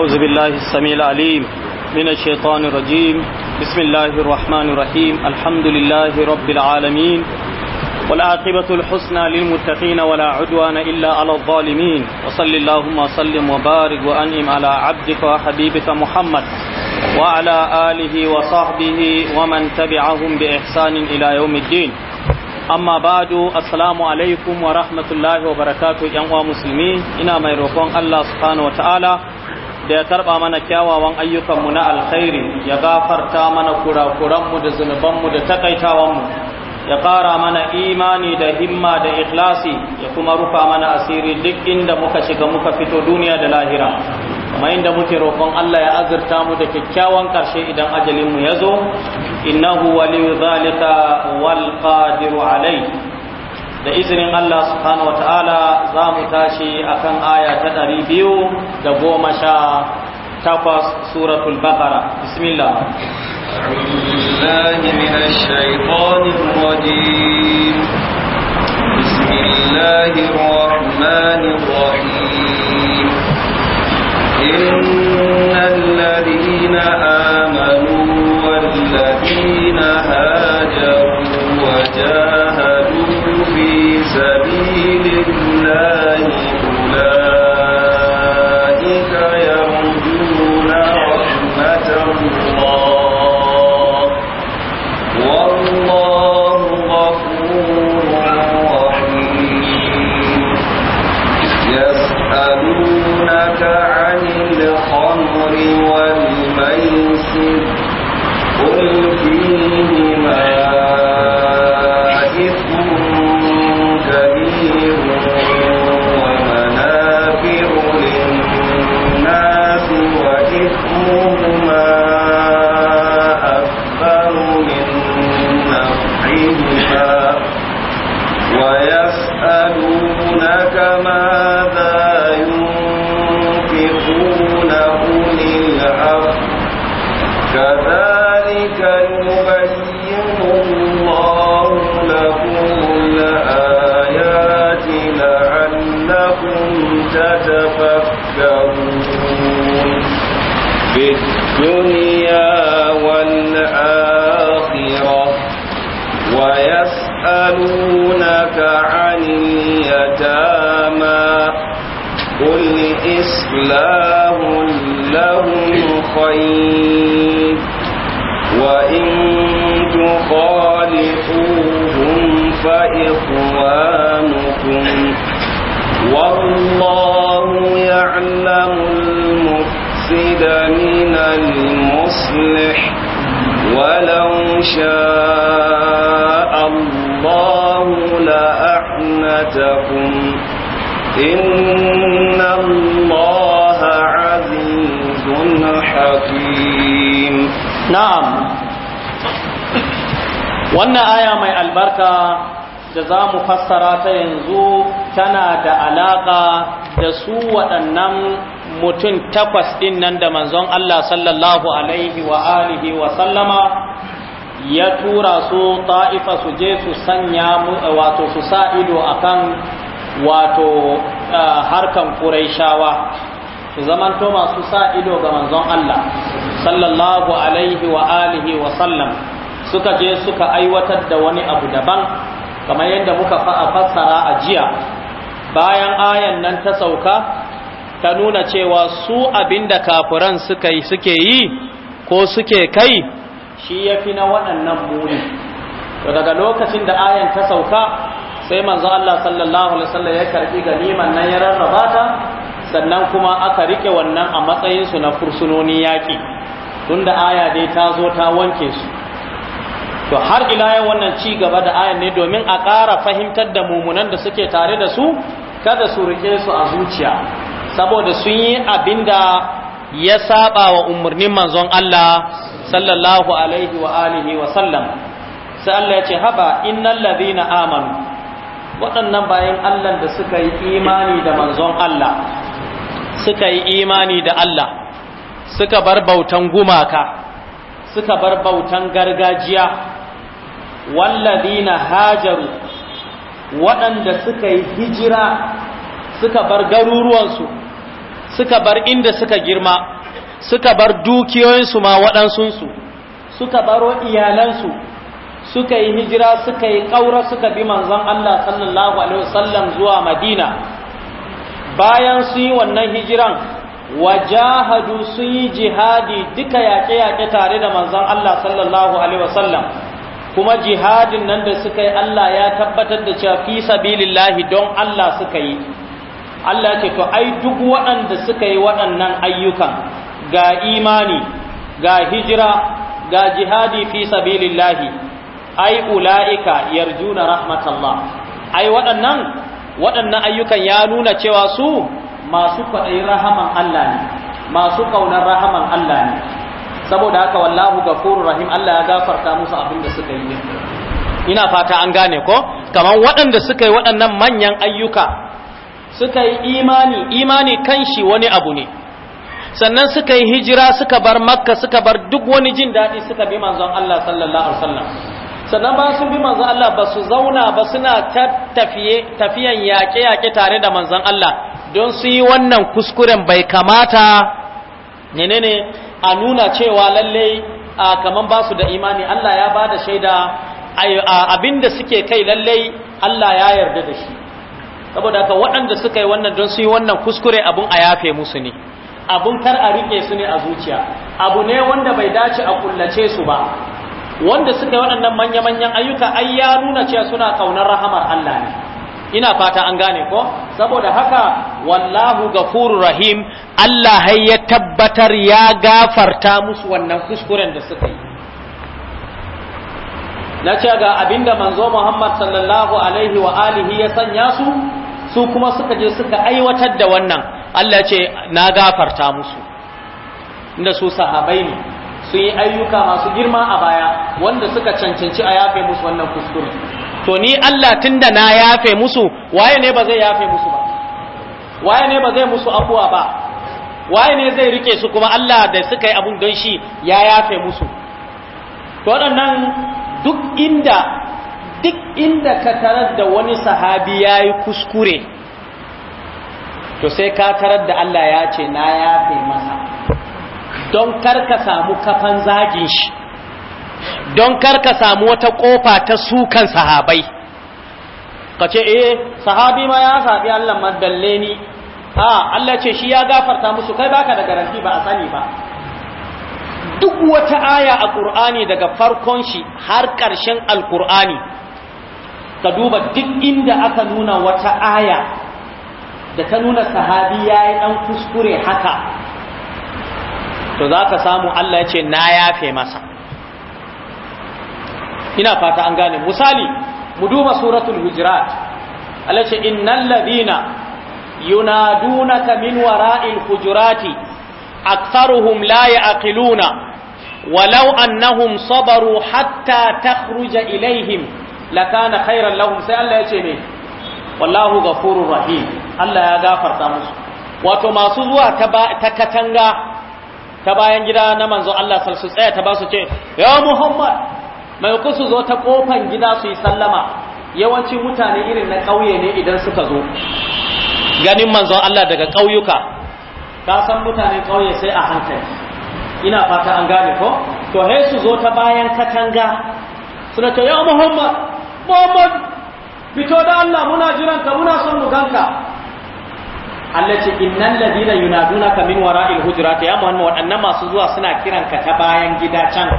أعوذ بالله السميع العليم من الشيطان الرجيم بسم الله الرحمن الرحيم الحمد لله رب العالمين والعاقبة الحسنى للمتقين ولا عدوان إلا على الظالمين وصل اللهم وسلم وبارك وأنعم على عبدك وحبيبك محمد وعلى آله وصحبه ومن تبعهم بإحسان إلى يوم الدين amma badu assalamu alaikum wa rahmatullahi wa barakatuh yan uwa musulmi ina mai roƙon Allah subhanahu wa ta'ala da ya karba mana kyawawan ayyukanmu na alkhairi ya gafarta mana kurakuranmu da zunubanmu da takaitawanmu ya kara mana imani da himma da ikhlasi ya kuma rufa mana asiri duk inda muka shiga muka fito duniya da lahira kuma inda muke roƙon Allah ya azurta mu da kyakkyawan ƙarshe idan ajalinmu ya zo innahu waliyu zalika wal qadiru alai da izinin Allah subhanahu wa ta'ala za mu tashi a kan aya ta ɗari biyu da goma sha takwas suratul baqara bismillah بالله من الشيطان الرجيم بسم الله الرحمن الرحيم إن الذين آمنوا ويسألونك ما ومثلاه لهم خير وإن تخالفوهم فإخوانكم والله يعلم المفسد من المصلح ولو شاء الله لأعنتكم إن الله حكيم wannan aya mai albarka da za mu fassara ta yanzu tana da alaƙa da su waɗannan mutum takwas ɗin nan da manzon Allah sallallahu alaihi wa wa sallama ya tura su ta'ifa su je su sanya wato su sa ido akan wato harkan ƙuraishawa su zamanto masu sa ido ga manzon Allah sallallahu alaihi wa alihi wa sallam suka je suka aiwatar da wani abu daban kamar yadda muka fassara a jiya bayan ayan nan ta sauka ta nuna cewa su abinda kafuran suka yi suke yi ko suke kai shi yafi na waɗannan muni to daga lokacin da ayan ta sauka sai manzo Allah sallallahu alaihi wasallam ya karbi ganiman nan ya rarraba ta sannan kuma aka rike wannan a matsayinsu na fursunonin yaƙi tunda aya dai ta zo ta wanke su to har ila yau wannan ci gaba da ayan ne domin a ƙara fahimtar da mumunan da suke tare da su kada su rike su a zuciya saboda sun yi abin da ya saba wa umarnin manzon Allah sallallahu alaihi wa alihi wa sallam sai Allah ya ce haba innal na amanu waɗannan bayan Allah da suka yi imani da manzon Allah suka yi imani da Allah suka bar bautan gumaka suka bar bautan gargajiya wallazina hajaru waɗanda suka yi hijira suka bar garuruwansu suka bar inda suka girma suka bar dukiyoyinsu ma waɗansunsu suka baro iyalansu suka yi hijira suka yi ƙaura suka bi manzon Allah sallallahu alaihi wasallam zuwa Madina bayan sun yi wannan hijiran wajahadu sun yi jihadi duka yaƙe-yaƙe tare da manzon Allah sallallahu alaihi wasallam kuma jihadin nan da suka yi Allah ya tabbatar da cewa fi sabilillahi don Allah suka yi Allah ce to ai duk waɗanda suka yi waɗannan ayyukan ga imani ga hijira ga jihadi fi sabilillahi ai ula'ika yarjuna rahmatallah ai waɗannan waɗannan ayyukan ya nuna cewa su masu kwaɗayin rahaman Allah ne masu ƙaunar rahaman Allah ne saboda haka wallahu gafurur rahim Allah ya gafarta musu abin da suka yi ina fata an gane ko kamar waɗanda suka yi waɗannan manyan ayyuka suka yi imani imani kan shi wani abu ne sannan suka yi hijira suka bar makka suka bar duk wani jin daɗi suka bi manzon Allah sallallahu alaihi wasallam sannan ba sun bi manzan Allah ba su zauna ba suna tafiyan yaƙe-yaƙe tare da manzan Allah don su yi wannan kuskuren bai kamata menene a nuna cewa lallai kamar ba su da imani Allah ya ba da shaida da suke kai lallai Allah ya yarda da shi saboda ka waɗanda suka yi wannan don su yi wannan kuskure abin a yafe musu ne abun kar a riƙe su ne a zuciya abu ne wanda bai dace a kullace su ba wanda suka yi waɗannan manya-manyan ayyuka ai ya nuna cewa suna ƙaunar rahamar Allah ne ina fata an gane ko saboda haka wallahu gafuru rahim Allah har ya tabbatar ya gafarta musu wannan kuskuren da suka yi na ce ga abinda manzo Muhammad sallallahu alaihi wa alihi ya sanya su su kuma suka je suka aiwatar da wannan Allah ce na gafarta musu inda su sahabai ne sun yi ayyuka masu girma a baya wanda suka cancanci a yafe musu wannan kuskure to ni Allah tunda na yafe musu waye ne ba zai yafe musu ba waye ne ba zai musu afuwa ba waye ne zai rike su kuma Allah da suka yi abun don shi ya yafe musu to waɗannan duk inda duk inda ka tarar da wani sahabi ya yi kuskure to sai ka tarar da Allah ya ce na yafe masa don karka samu kafan zagin shi don kar ka samu wata kofa ta sukan sahabai ka ce eh sahabi ma ya saɓi Allah madalle ni Ha? Allah ce shi ya gafarta musu kai baka da garanti ba a sani ba duk wata aya a ƙur'ani daga farkon shi har ƙarshen Alkur'ani, ka duba duk inda aka nuna wata aya da ta nuna sahabi ya yi ɗan kuskure haka to za ka samu Allah ya ce na yafe masa ina fata an gane misali mu duba suratul hujurat Allah ce innal ladina yunadunaka min wara'il hujurati aktharuhum la yaqiluna walau annahum sabaru hatta takhruja ilaihim lakana khairan lahum sai Allah ya ce ne wallahu ghafurur rahim Allah ya gafarta musu wato masu zuwa ta katanga ta bayan gida na manzo Allah su tsaya ta ba su ce ya Muhammad mai kusu zo ta kofan gida su yi sallama yawanci mutane irin na ƙauye ne idan suka zo ganin manzo Allah daga ƙauyuka ka san mutane ƙauye sai a hankali ina fata an gane ko to he su zo ta bayan katanga suna ce ya Muhammad Muhammad fito da Allah muna jiran ka muna son mu ganka Allah ce innal ladina yunadunaka min wara'il hujurati ya Muhammad waɗannan masu zuwa suna kiran ka ta bayan gida can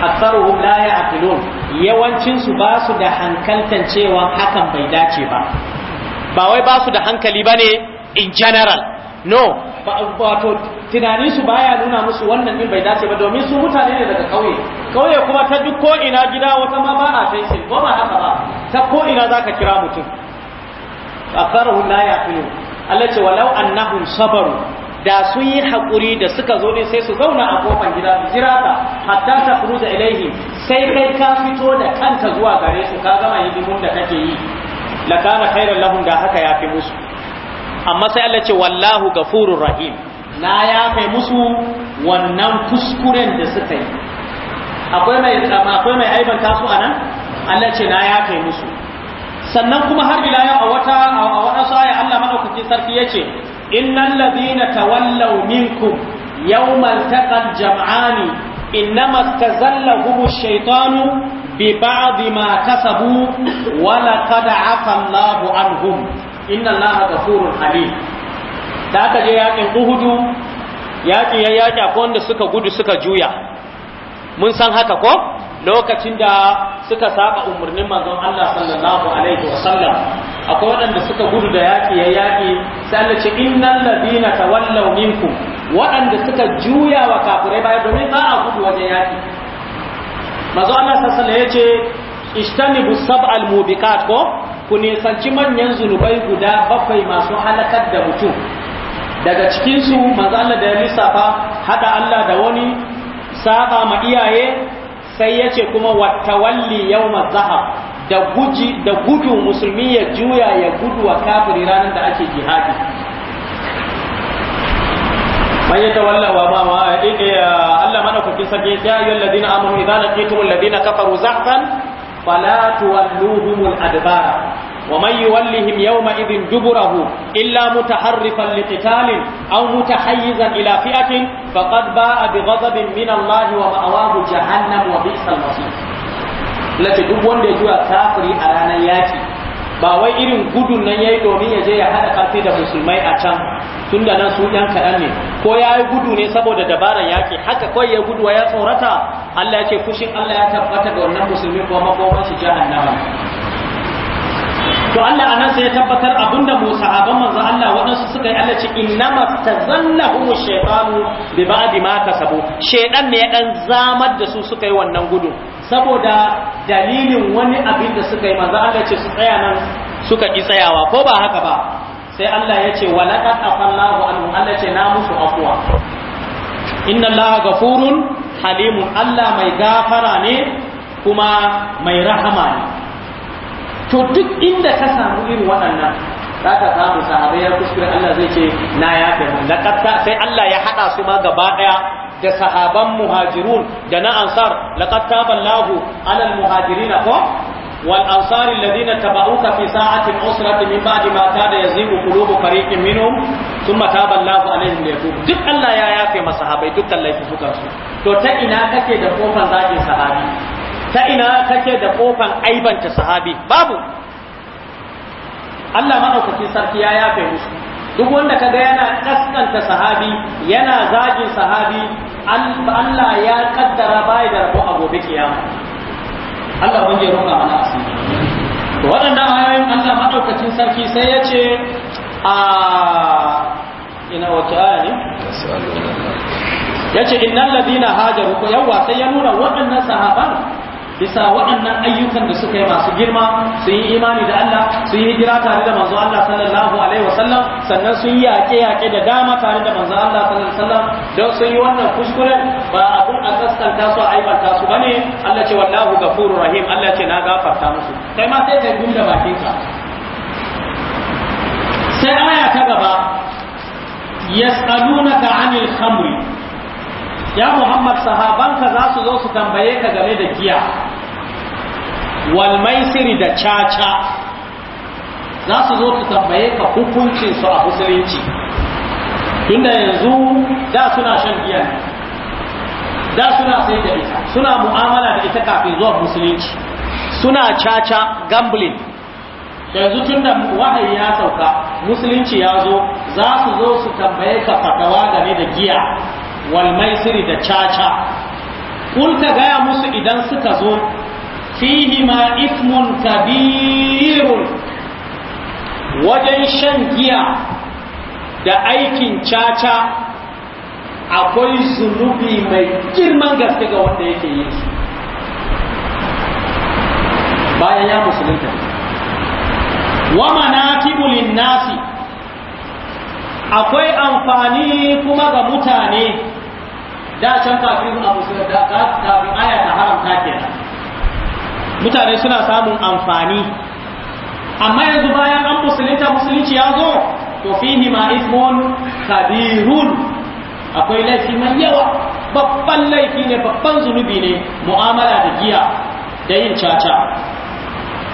aktsaruhum la ya'qilun yawancin su ba su da hankaltan cewa hakan bai dace ba ba wai ba su da hankali bane in general no Ba wato tunanin su baya nuna musu wannan din bai dace ba domin su mutane ne daga kauye kauye kuma ta duk ko ina gida wata ma ba a fesin ko ba haka ba ta ko ina zaka kira mutum akarahu la yaqilu Allah ce walau annahum sabaru da sun yi hakuri da suka zo ne sai su zauna a kofar gida su jira ka hatta ta furu ilaihi sai kai ka fito da kanta zuwa gare su ka gama hidimun da kake yi la kana khairan lahum da haka yafi musu amma sai Allah ce wallahu gafurur rahim na yafe musu wannan kuskuren da suka yi akwai mai akwai mai aibanta su anan Allah ce na yafe musu sannan kuma har ila yau a wata a wata saya Allah madaukakin sarki yace innal ladina tawallaw minkum yawmal taqal jam'ani innama tazallahum ash-shaytanu bi ba'd ma kasabu wa laqad afa Allahu anhum inna Allaha ghafurun halim da aka je yakin Uhudu yaki ya yaki akwai wanda suka gudu suka juya mun san haka ko lokacin da suka saba umarnin manzon Allah sallallahu alaihi Sallam, akwai waɗanda suka gudu da yaƙi ya yaƙi sai Allah ce innal ladina tawallaw minkum waɗanda suka juya wa kafirai baya domin ba a gudu wajen yaƙi manzon Allah sallallahu alaihi ya ce ishtanibu sab'al mubiqat ko ku nisanci manyan zunubai guda bakwai masu halakar da mutum daga cikin su manzon Allah da ya lissafa hada Allah da wani saba ma iyaye sai ya ce kuma wattawalli yawma zahab da guji da gudu musulmi ya juya ya gudu wa kafiri ranar da ake jihadi man yatawalla wa ma wa eh, eh, eh, Allah madaukakin sarki ya ayyuhal ladina amanu idza laqitumul ladina kafaru zafan fala tuwalluhumul adbara ومن يولهم يومئذ دبره إلا متحرفا لقتال أو متحيزا إلى فئة فقد باء بغضب من الله ومأواه جهنم وبئس المصير التي duk wanda ya juya kafiri a ranar yaki ba wai irin gudun nan yayi domin ya je ya haɗa karfi da musulmai a can tunda nan su yan kaɗan ne ko ya yi gudu ne saboda dabaran yaki haka kawai ya gudu ya tsorata Allah ya ce Allah ya tabbata ga wannan musulmi ko makoman shi to Allah anan sai ya tabbatar abinda musa abin manzo Allah waɗansu suka yi Allah ce innama tazallahum shaytanu bi ba'di ma kasabu shaydan ne ya dan zamar da su suka yi wannan gudu saboda dalilin wani abin da suka yi manzo Allah ce su tsaya nan suka ki tsayawa ko ba haka ba sai Allah ya ce laqad afallahu anhu Allah ce na musu afwa inna Allah gafurun halimun Allah mai gafara ne kuma mai rahama ne to duk inda ka samu irin waɗannan za ka samu sahabai ya kuskure Allah zai ce na ya fi sai Allah ya haɗa su ma gaba ɗaya da sahaban muhajirun da na ansar laƙatta ballahu alal muhajirina ko wal ansar alladhina tabauka fi sa'atin usrati min ba'di ma kada yazigu qulubu fariqin minhum thumma taba Allahu alaihim duk Allah ya yafe masahabai dukkan laifukan su to ta ina kake da kofar zakin sahabi ta ina kake da kofan aibanta sahabi babu Allah maɗaukakin sarki ya yafe musu duk wanda kaga yana kaskanta sahabi yana zagin sahabi Allah ya kaddara bai da rabo a gobe kiyama Allah wanda ya roƙa mana asiri to waɗannan ayoyin Allah maɗaukakin sarki sai ya ce a ina wace aya ne ya ce innal ladina hajaru ko yawa sai ya nuna waɗannan sahaban bisa waɗannan ayyukan da suka yi masu girma sun yi imani da Allah sun yi hijira tare da manzo Allah sallallahu alaihi wasallam sannan sun yi yaƙe yaƙe da dama tare da manzo Allah sallallahu alaihi wasallam don sun yi wannan kuskuren ba abun a kaskanta su a aibanta su bane Allah ce wallahu gafurur rahim Allah ce na gafarta musu kai ma sai kai gunda bakinka sai aya ta gaba yas'alunaka anil khamri ya muhammad ka za su zo su tambaye ka game da giya wal maisiri da caca za su zo su tambaye ka hukuncin su a musulunci tunda yanzu da suna shan giya da suna sai da ita suna mu'amala da ita kafin zuwa musulunci suna caca gambling yanzu tun da wahayi ya sauka musulunci ya zo za su zo su tambaye ka fatawa game da giya wal maisiri da caca kun ka gaya musu idan suka zo fihi ma ismun kabirun wajen shan giya da aikin caca akwai zunubi mai girman gaske ga wanda yake yi su bayan ya musulunta wa manaqibul nasi akwai amfani kuma ga mutane da can kafin abu su da kafin aya ta haramta kenan mutane suna samun amfani amma yanzu bayan an musulunta musulunci ya zo to fihi ma ismon, kabirun akwai laifi mai yawa babban laifi ne babban zunubi ne mu'amala da giya da yin caca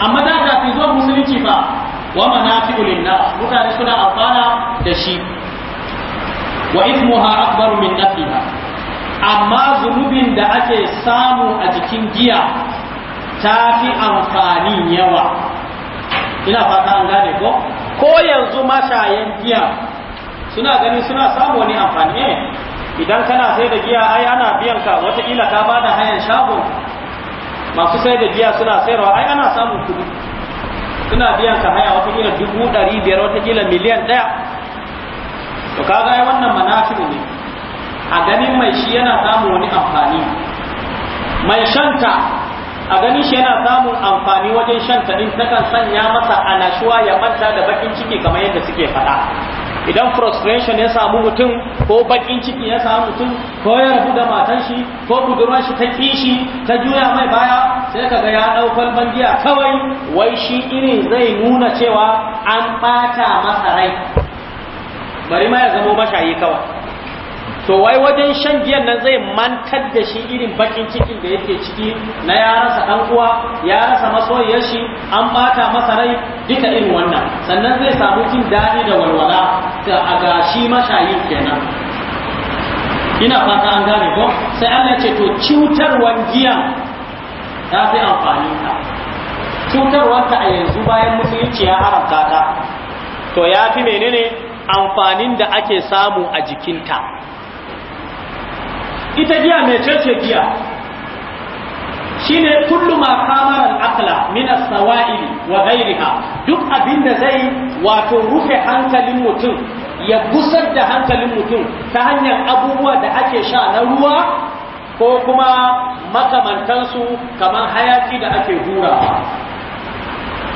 amma da kafin zuwa musulunci fa wa manafi'u linnas mutane suna amfana da shi wa ismuha akbaru min nafiha amma zunubin da ake samu a jikin giya ta fi amfani yawa ina fata an gane ko ko yanzu mashayan giya suna ganin suna samu wani amfani eh, idan kana sai da giya ai ana biyan ka wataƙila ka ba da hayan shago masu sai da giya suna sayarwa ai ana samun kuɗi suna biyan ka haya wata kila dubu ɗari biyar wata kila miliyan ɗaya to ka ga wannan manafi'u ne a ganin mai shi yana samun wani amfani mai shanta a ganin shi yana samun amfani wajen shan ta din takan sanya masa anashuwa ya manta da bakin ciki kamar yadda suke faɗa idan frustration ya samu mutum ko bakin ciki ya samu mutum ko ya rabu da matan shi ko budurwar shi ta kishi ta juya mai baya sai kaga ya dau bangiya, kawai wai shi irin zai nuna cewa an bata masa rai bari ma ya zamo mashayi kawai to wai wajen shan giyan nan zai mantar da shi irin bakin cikin da yake ciki na ya rasa dan uwa ya rasa masoyiyar shi an bata masa rai duka irin wannan sannan zai samu jin daɗi da walwala ga ga shi mashayi kenan ina fata an gane ko sai Allah ya ce to cutarwan giyan ta fi amfani ta a yanzu bayan musulunci ya haramta ta to ya fi menene amfanin da ake samu a jikinta ita giya mai cece giya shine kullu ma kamara al min as wa ghayriha duk abin da zai wato rufe hankalin mutum ya busar da hankalin mutum ta hanyar abubuwa da ake sha na ruwa ko kuma makamantansu kamar hayaki da ake hura.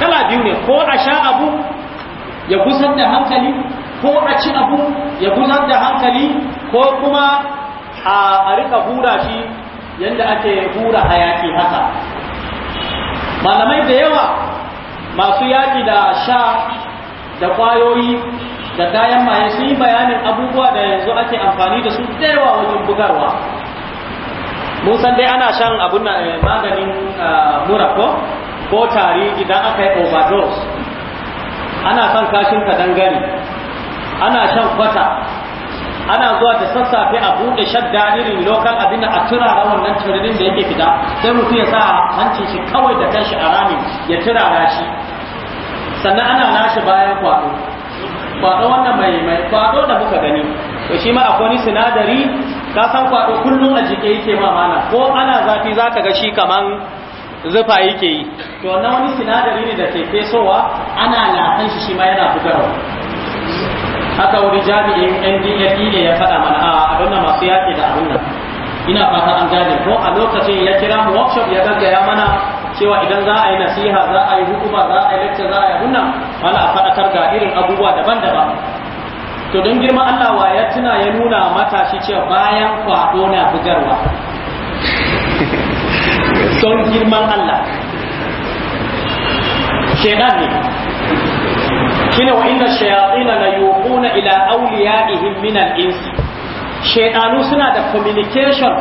kala biyu ne ko a sha abu ya busar da hankali ko a ci abu ya busar da hankali ko kuma a rika hura shi yadda ake hura hayaki haka malamai da yawa masu yaki da sha da kwayoyi da kayan maye sun yi bayanin abubuwa da yanzu ake amfani da su da yawa wajen bugarwa mun san dai ana shan abun eh, maganin ah, mura ko ko tari idan aka yi overdose ana son kashin ka dangare ana shan kwata ana zuwa ta sassafe a buɗe shadda irin lokal abinda a a turara wannan tunanin da yake fita sai mutum ya sa hancin shi kawai da kanshi a ramin ya turara shi sannan ana lashe bayan kwado, kwado wannan mai mai kwado da muka gani to shi ma akwai ni sinadari ka san kwado kullum a jike yake ma mana ko ana zafi za ga shi kaman zufa yake yi to wannan wani sinadari ne da ke fesowa ana lafan shi shi ma yana fitarwa haka wani jami'in NDFE ne ya faɗa mana a abin masu yaƙi da abin nan ina fata an gane ko a lokacin ya kira mu workshop ya gaggaya mana cewa idan za a yi nasiha za a yi hukuma za a yi lecture za a yi abin mana a faɗakar ga irin abubuwa daban-daban to don girma Allah wa ya tuna ya nuna matashi cewa bayan kwado na bugarwa don girman Allah shedan ne shine wa inna shayatina la yuquna ila awliyaihim min al-insi shaytanu suna da communication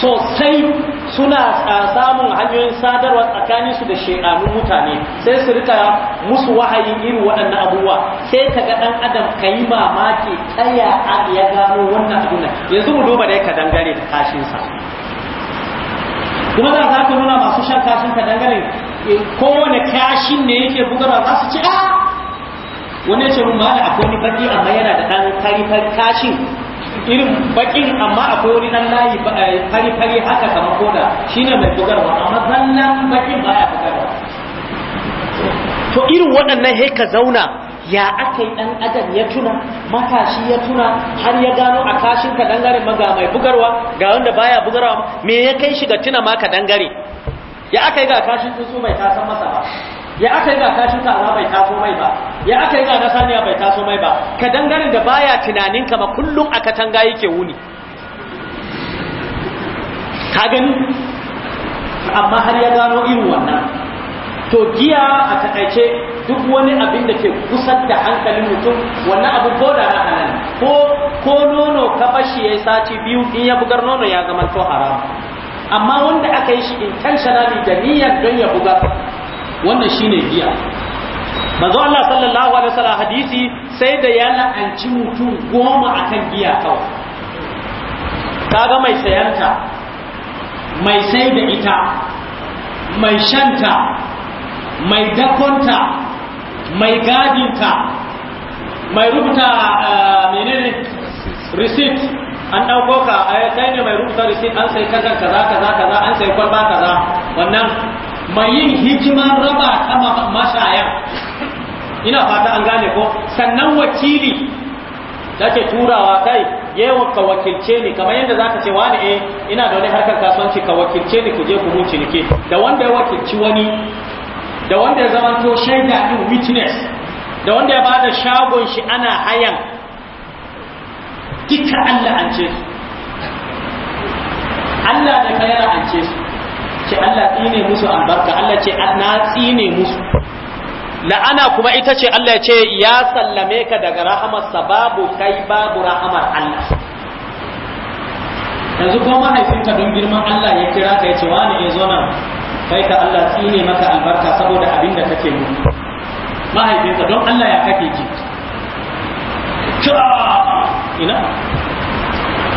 sosai suna samun hanyoyin sadarwa tsakanin su da shaytanu mutane sai su rika musu wahayin irin waɗannan abubuwa sai ka ga dan adam kai mamaki tsaya a ya gano wannan abin yanzu mu duba dai ka dangare da kashin sa kuma da za ka nuna masu shan kashin ka dangare eh, kowane kashin ne yake bugarwa za su ci a ah, wani ya ce mun mala akwai wani baki amma yana da dan kari kari kashin irin bakin amma akwai wani dan layi kari eh, kari haka kamar koda shine mai bugarwa amma zannan bakin baya bugarwa to irin waɗannan he ka zauna ya aka yi ɗan adam ya tuna matashi ya tuna har ya gano a kashin ka dangare maga mai bugarwa ga wanda baya bugarwa me ya kai shi ga tuna ma ka dangare ya aka yi ga kashin tsuntsu mai tasan masa ba ya aka yi ga kashin kaza bai taso mai ba ya aka yi ga na saniya bai taso mai ba ka dangane da baya tunanin kama kullum a katanga yake wuni ka gani amma har ya gano irin wannan to giya a takaice duk wani abin da ke kusan da hankalin mutum wannan abu ko da na ko ko nono ka bashi yayi sati biyu in ya bugar nono ya zama to haram amma wanda aka yi shi intentionally da niyyar don ya buga. wannan shine giya manzo Allah sallallahu alaihi wasallam hadisi sai da ya la'anci mutum goma akan giya kawai kaga mai sayanta mai sai da ita mai shanta mai dakonta mai gadinta mai rubuta eh, menene receipt an dauko ka kai ne mai rubuta receipt an sai kaza kaza kaza kaza an sai kwalba kaza wannan mai yin hikiman raba ta mashaya ina fata an gane ko sannan wakili da ke turawa kai yawan ka wakilce ni kamar yadda zaka ce wani eh ina da wani harkar kasuwanci ka wakilce ni ku je ku mun cinike da wanda ya wakilci wani da wanda ya to shaida din witness da wanda ya bada shagon shi ana hayan duka Allah an ce su Allah da kayar an ce su ce Allah tsine musu albarka Allah ce na tsine musu la'ana kuma ita ce Allah ce ya sallame ka daga rahamar sababu kai babu rahamar Allah yanzu kuma mahaifinka don girman Allah ya kira ka ya ce wani ya zo nan kai ka Allah tsine maka albarka saboda abin da kake mu mahaifinka don Allah ya kake ji ina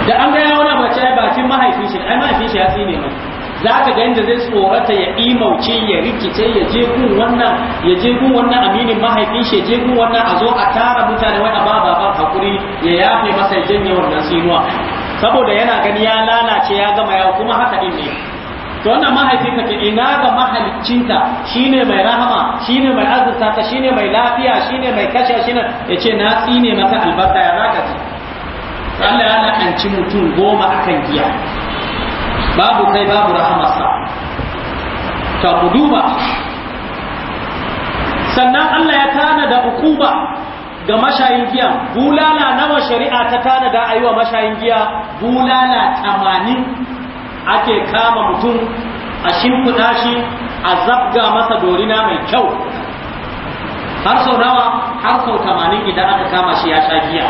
da an gaya wani bace bakin mahaifin shi ai mahaifin shi ya tsine mai za ka ga yadda zai tsorata ya imauce ya rikice ya je gun wannan ya je gun wannan aminin mahaifin shi ya je gun wannan a zo a tara mutane wani ba baban hakuri ya yafe masa ya janye wannan sinuwa saboda yana gani ya lalace ya gama yawa kuma haka din ne to wannan mahaifinka ce ina ga mahaliccinta shine mai rahama shine mai azurta ka shine mai lafiya shine mai kashe shine ya ce na tsine masa albarka ya zaka ce Allah ya la'anci mutum goma akan giya babu kai babu rahamarsa ta duba sannan Allah ya tana da ukuba ga mashayin giya bulala nawa shari'a ta tana da ayuwa mashayin giya bulala tamanin ake kama mutum a shimfiɗa shi a zabga masa dorina mai kyau har sau nawa har sau tamanin idan aka kama shi ya sha giya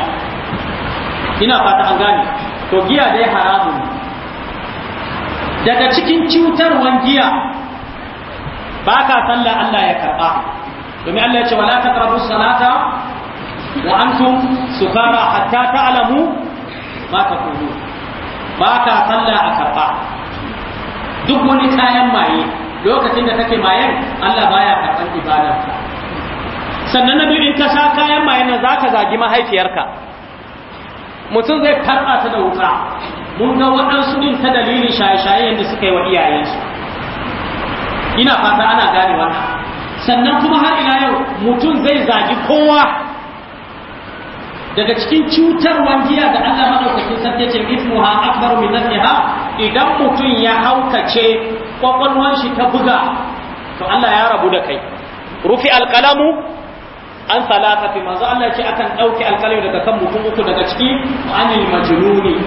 ina fata an gane to giya dai haramun ne daga cikin cutarwan giya ba ka sallah Allah ya karɓa domin Allah ya ce wala taqrabu salata wa antum sukara hatta ta'lamu ma taqulu ba ka sallah a karɓa duk wani kayan maye lokacin da kake mayen Allah baya karɓar ibadarka sannan na biyu in ka sha kayan maye nan zaka zagi mahaifiyarka mutum zai karɓa ta da wuka mun ga waɗansu din ta dalilin shaye-shaye yadda suka yi wa iyayensu ina fata ana ganewa sannan kuma har ina yau mutum zai zagi kowa daga cikin cutar giya da Allah madaukakin sarki ce ismuha akbaru min ha, idan mutum ya haukace kwakwalwan shi ta buga to Allah ya rabu da kai rufi alqalamu an salatati manzo Allah ce akan dauki alqalami daga kan mutum uku daga ciki anil majnuni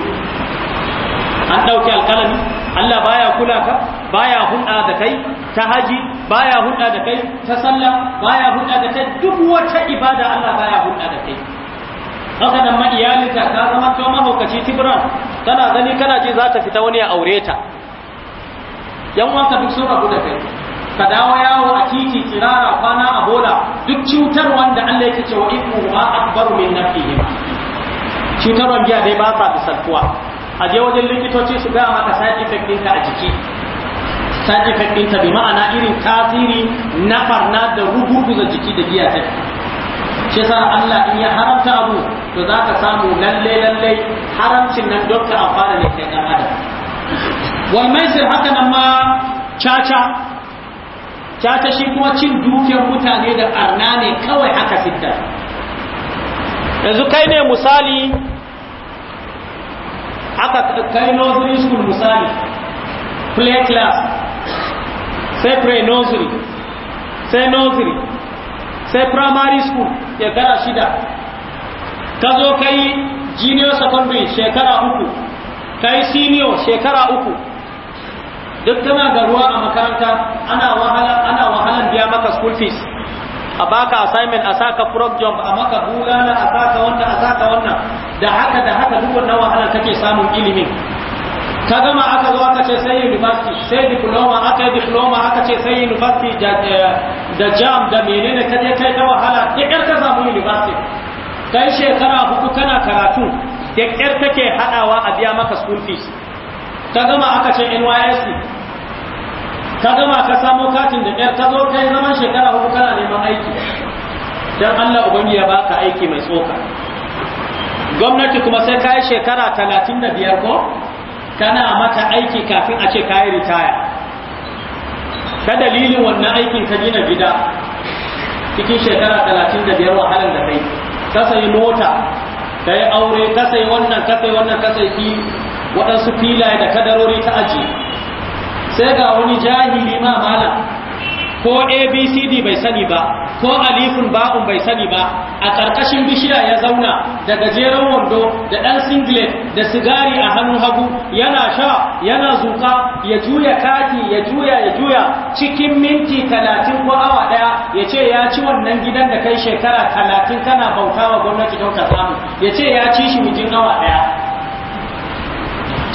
an ɗauki alƙalami Allah baya kula ka baya hulɗa da kai ta haji baya hulɗa da kai ta sallah baya hulɗa da kai duk wata ibada Allah baya hulɗa da kai haka nan ma iyalinka ka zama to mahaukaci tibran kana gani kana ji za ta fita wani ya aure ta yan wanka duk sun rabu da kai ka dawo yawo a titi tirara kwana a bola duk cutar wanda Allah yake cewa ibnu ma akbaru min nafihim cutar wanda dai ba ta misaltuwa a je wajen likitoci su gaya maka side effect ɗinka a jiki side effect ɗinta bi ma'ana irin tasiri na farna da rugurguza jiki da giya ta shi sa Allah in ya haramta abu to za ka samu lalle lalle haramcin nan dokta a fara ne kai dan adam wal maisir haka nan ma caca caca shi kuma cin dukiyar mutane da arna ne kawai haka sitta yanzu kai ne misali aka kai nursery school misali play class sai pre nursery sai nursery sai primary school shekara shida ka zo kai junior secondary shekara uku kai senior shekara uku duk tana da ruwa a makaranta ana wahala ana wahalan biya maka school fees a baka assignment a saka prop jump a maka bulala a saka wannan a saka wannan da haka da haka duk wannan wahalar kake samun ilimin ka gama aka zo aka ce sai university sai diploma aka yi diploma aka ce sai university da eh, jam da menene ka je kai ta wahala ki ƙyar ka samu university kai shekara hudu kana karatu da ƙyar kake haɗawa a biya maka school fees ka gama aka ce NYSC ka gama ka samo katin da ɗayar ka zo kai zaman shekara hudu kana neman aiki dan Allah ubangi ya baka aiki mai tsoka gwamnati kuma sai ka yi shekara talatin da biyar ko kana mata aiki kafin a ce ka yi ritaya Ka dalilin wannan aikin ka gina gida cikin shekara talatin da biyar wahalar da kai ka sayi mota ka yi aure ka sayi wannan ka sayi wannan ka sayi waɗansu filaye da kadarori ta ajiye sai ga wani jahili ma mala ko abcd bai sani ba ko alifin ba'un bai sani ba a ƙarƙashin bishiya ya zauna da gajeren wando da ɗan singlet da sigari a hannun hagu yana sha yana zuƙa ya juya kati ya juya ya juya cikin minti talatin ko awa ɗaya ya ce ya ci wannan gidan da kai shekara talatin kana bauta wa gwamnati don ka samu ya ce ya ci shi mijin awa ɗaya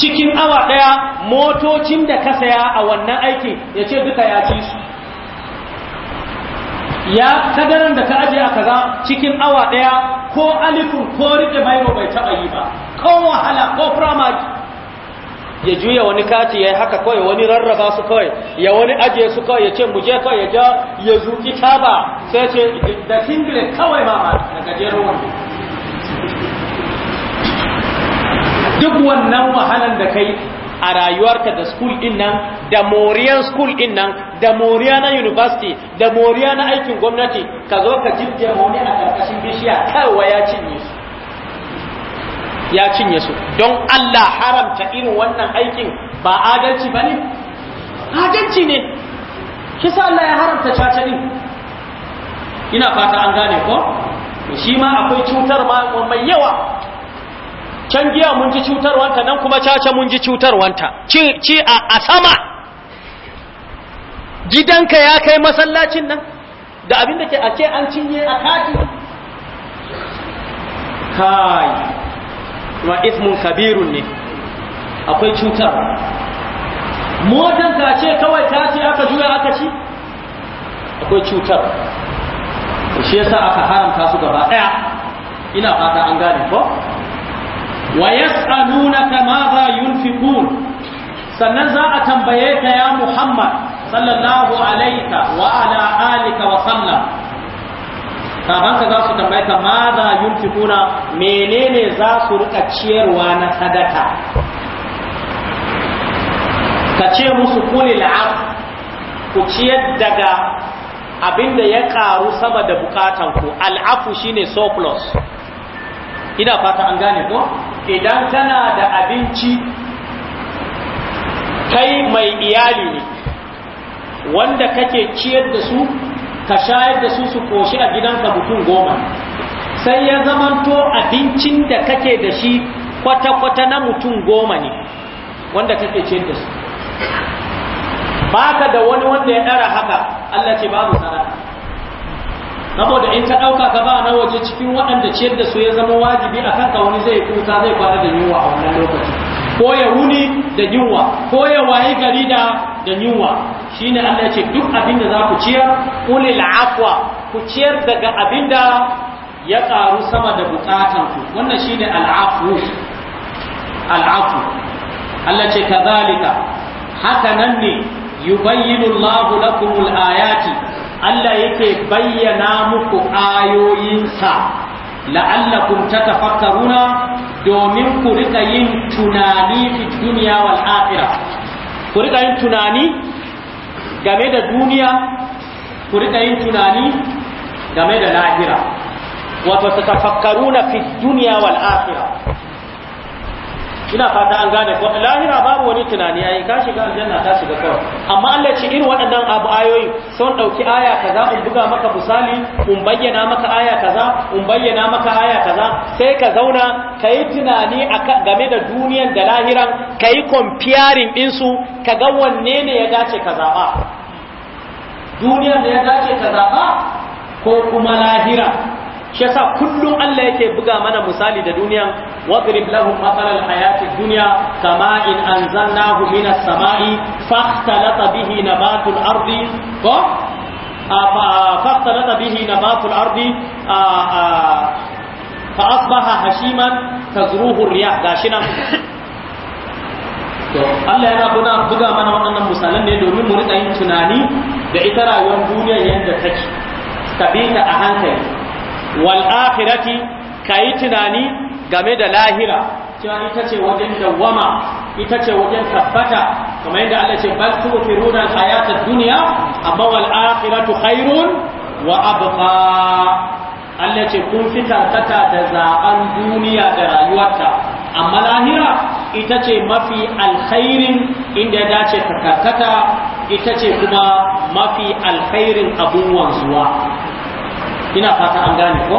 cikin awa ɗaya motocin da ka saya a wannan aikin ya ce duka ya ci su ya kadaran da ka aje a kaza cikin awa ɗaya ko alifin ko riƙe mairo bai taɓa yi ba ko wahala ko firamaki ya juya wani kati ya yi haka kawai wani rarraba su kawai ya wani ajiye su kawai ya ce mu je kawai ya ja ya zuƙi taba sai ce da singlet kawai ma na gajeruwan duk wannan wahalan da kai a rayuwarka da school din nan da moriyan school din nan da moriya na university da moriya na aikin gwamnati ka zo ka jibge wani a karkashin bishiya kawai ya cinye su ya cinye su don Allah haramta irin wannan aikin ba adalci ba ne adalci ne kisa Allah ya haramta caca din ina fata an gane ko shi ma akwai cutar mai yawa can giya mun ji cutarwanta nan kuma caca mun ji cutarwanta ci a sama gidanka ya kai masallacin nan da abin da ke a ce an cinye a kati kai ma ismun kabirun ne akwai cutar motanka ce kawai ta ce aka juya aka ci akwai cutar shi yasa aka haramta su gaba daya ina fata an gane ko wa yas'alunaka madha yunfiqun sannan za a tambaye ka ya Muhammad sallallahu alaika wa ala alika wa sallam sabanka za su tambaye ka madha yunfiquna menene za su rika ciyarwa na sadaka ka ce musu kulil ab ku ciyar daga abinda ya karu sama da bukatanku. al'afu shine surplus ina fata an gane ko idan tana da abinci kai mai iyali ne wanda kake ciyar da su ka shayar da su su koshi a gidanka mutum goma sai ya zamanto abincin da kake da shi kwata-kwata na mutum goma ne wanda kake ciyar da su baka da wani wanda ya ɗara haka Allah ce babu sana'a saboda in ka ɗauka ka ba na waje cikin waɗanda ciyar da su ya zama wajibi a kanka wani zai kuta zai kwana da yunwa a wannan lokaci ko ya wuni da yunwa ko ya wayi gari da da yunwa shine Allah ya ce duk abin da za ku ciyar ulil afwa ku ciyar daga abin da ya ƙaru sama da bukatan ku wannan shine al'afu al'afu Allah ce kazalika haka nan ne yubayyinu Allahu lakumul ayati Allah yake bayyana muku ayoyinsa la'allakum tatafakkaruna domin ku rika yin tunani fi duniya wal akhirah ku rika yin tunani game da duniya ku rika yin tunani game da lahira wato tatafakkaruna fi duniya wal akhirah ina fata an gane ko lahira babu wani tunani ai ka shiga aljanna ta shiga kawai amma Allah ce irin waɗannan abu ayoyi sun dauki aya kaza in buga maka misali in bayyana maka aya kaza in bayyana maka aya kaza sai ka zauna kai tunani aka game da duniyar da lahiran kai comparing din su ka ga wanne ne ya dace ka zaba duniyar da ya dace ka zaba ko kuma lahira shi yasa kullum Allah yake buga mana misali da duniya wadrib lahum matsalar hayati dunya kama in anzalnahu minas sama'i fahtalata bihi nabatul ardi ko فاختلط به نبات الأرض فأصبح هشيما تزروه Allah yana buna buga mana waɗannan misalan ne domin mu rika yin tunani da ita rayuwar duniya yadda take ka a hankali wal ka kayi tunani game da lahira cewa ita ce wajen dawwama ita ce wajen tabbata kamar yadda Allah ce bal tu'thiruna al-hayata ad duniya. amma wal akhiratu wa Allah ce kun fita tata da zaɓen duniya da rayuwarta amma lahira ita ce mafi alkhairin inda ya dace karkatata ita ce kuma mafi alkhairin abun wanzuwa ina fata an gane ko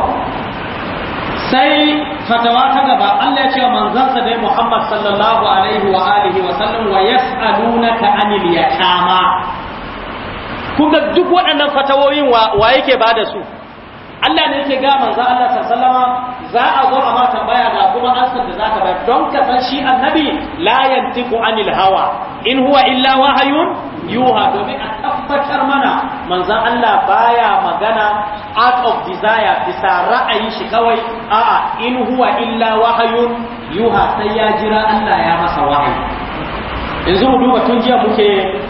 sai fatawa ta gaba Allah ya ce manzansa dai Muhammad sallallahu alaihi wa alihi wa sallam wa yas'alunaka anil yatama Kuma duk waɗannan fatawoyin wa yake bada su Allah ne yake ga manzo Allah sallama za a zo a ma tambaya ga kuma asar da zaka bayar don ka san shi annabi la yantiqu anil hawa in huwa illa wahayun yuha domin a tabbatar mana manzan Allah baya magana out of desire bisa ra'ayin shi kawai a'a in huwa illa wahayun yuha sai ya jira Allah ya masa wahayi yanzu mu duba tun jiya muke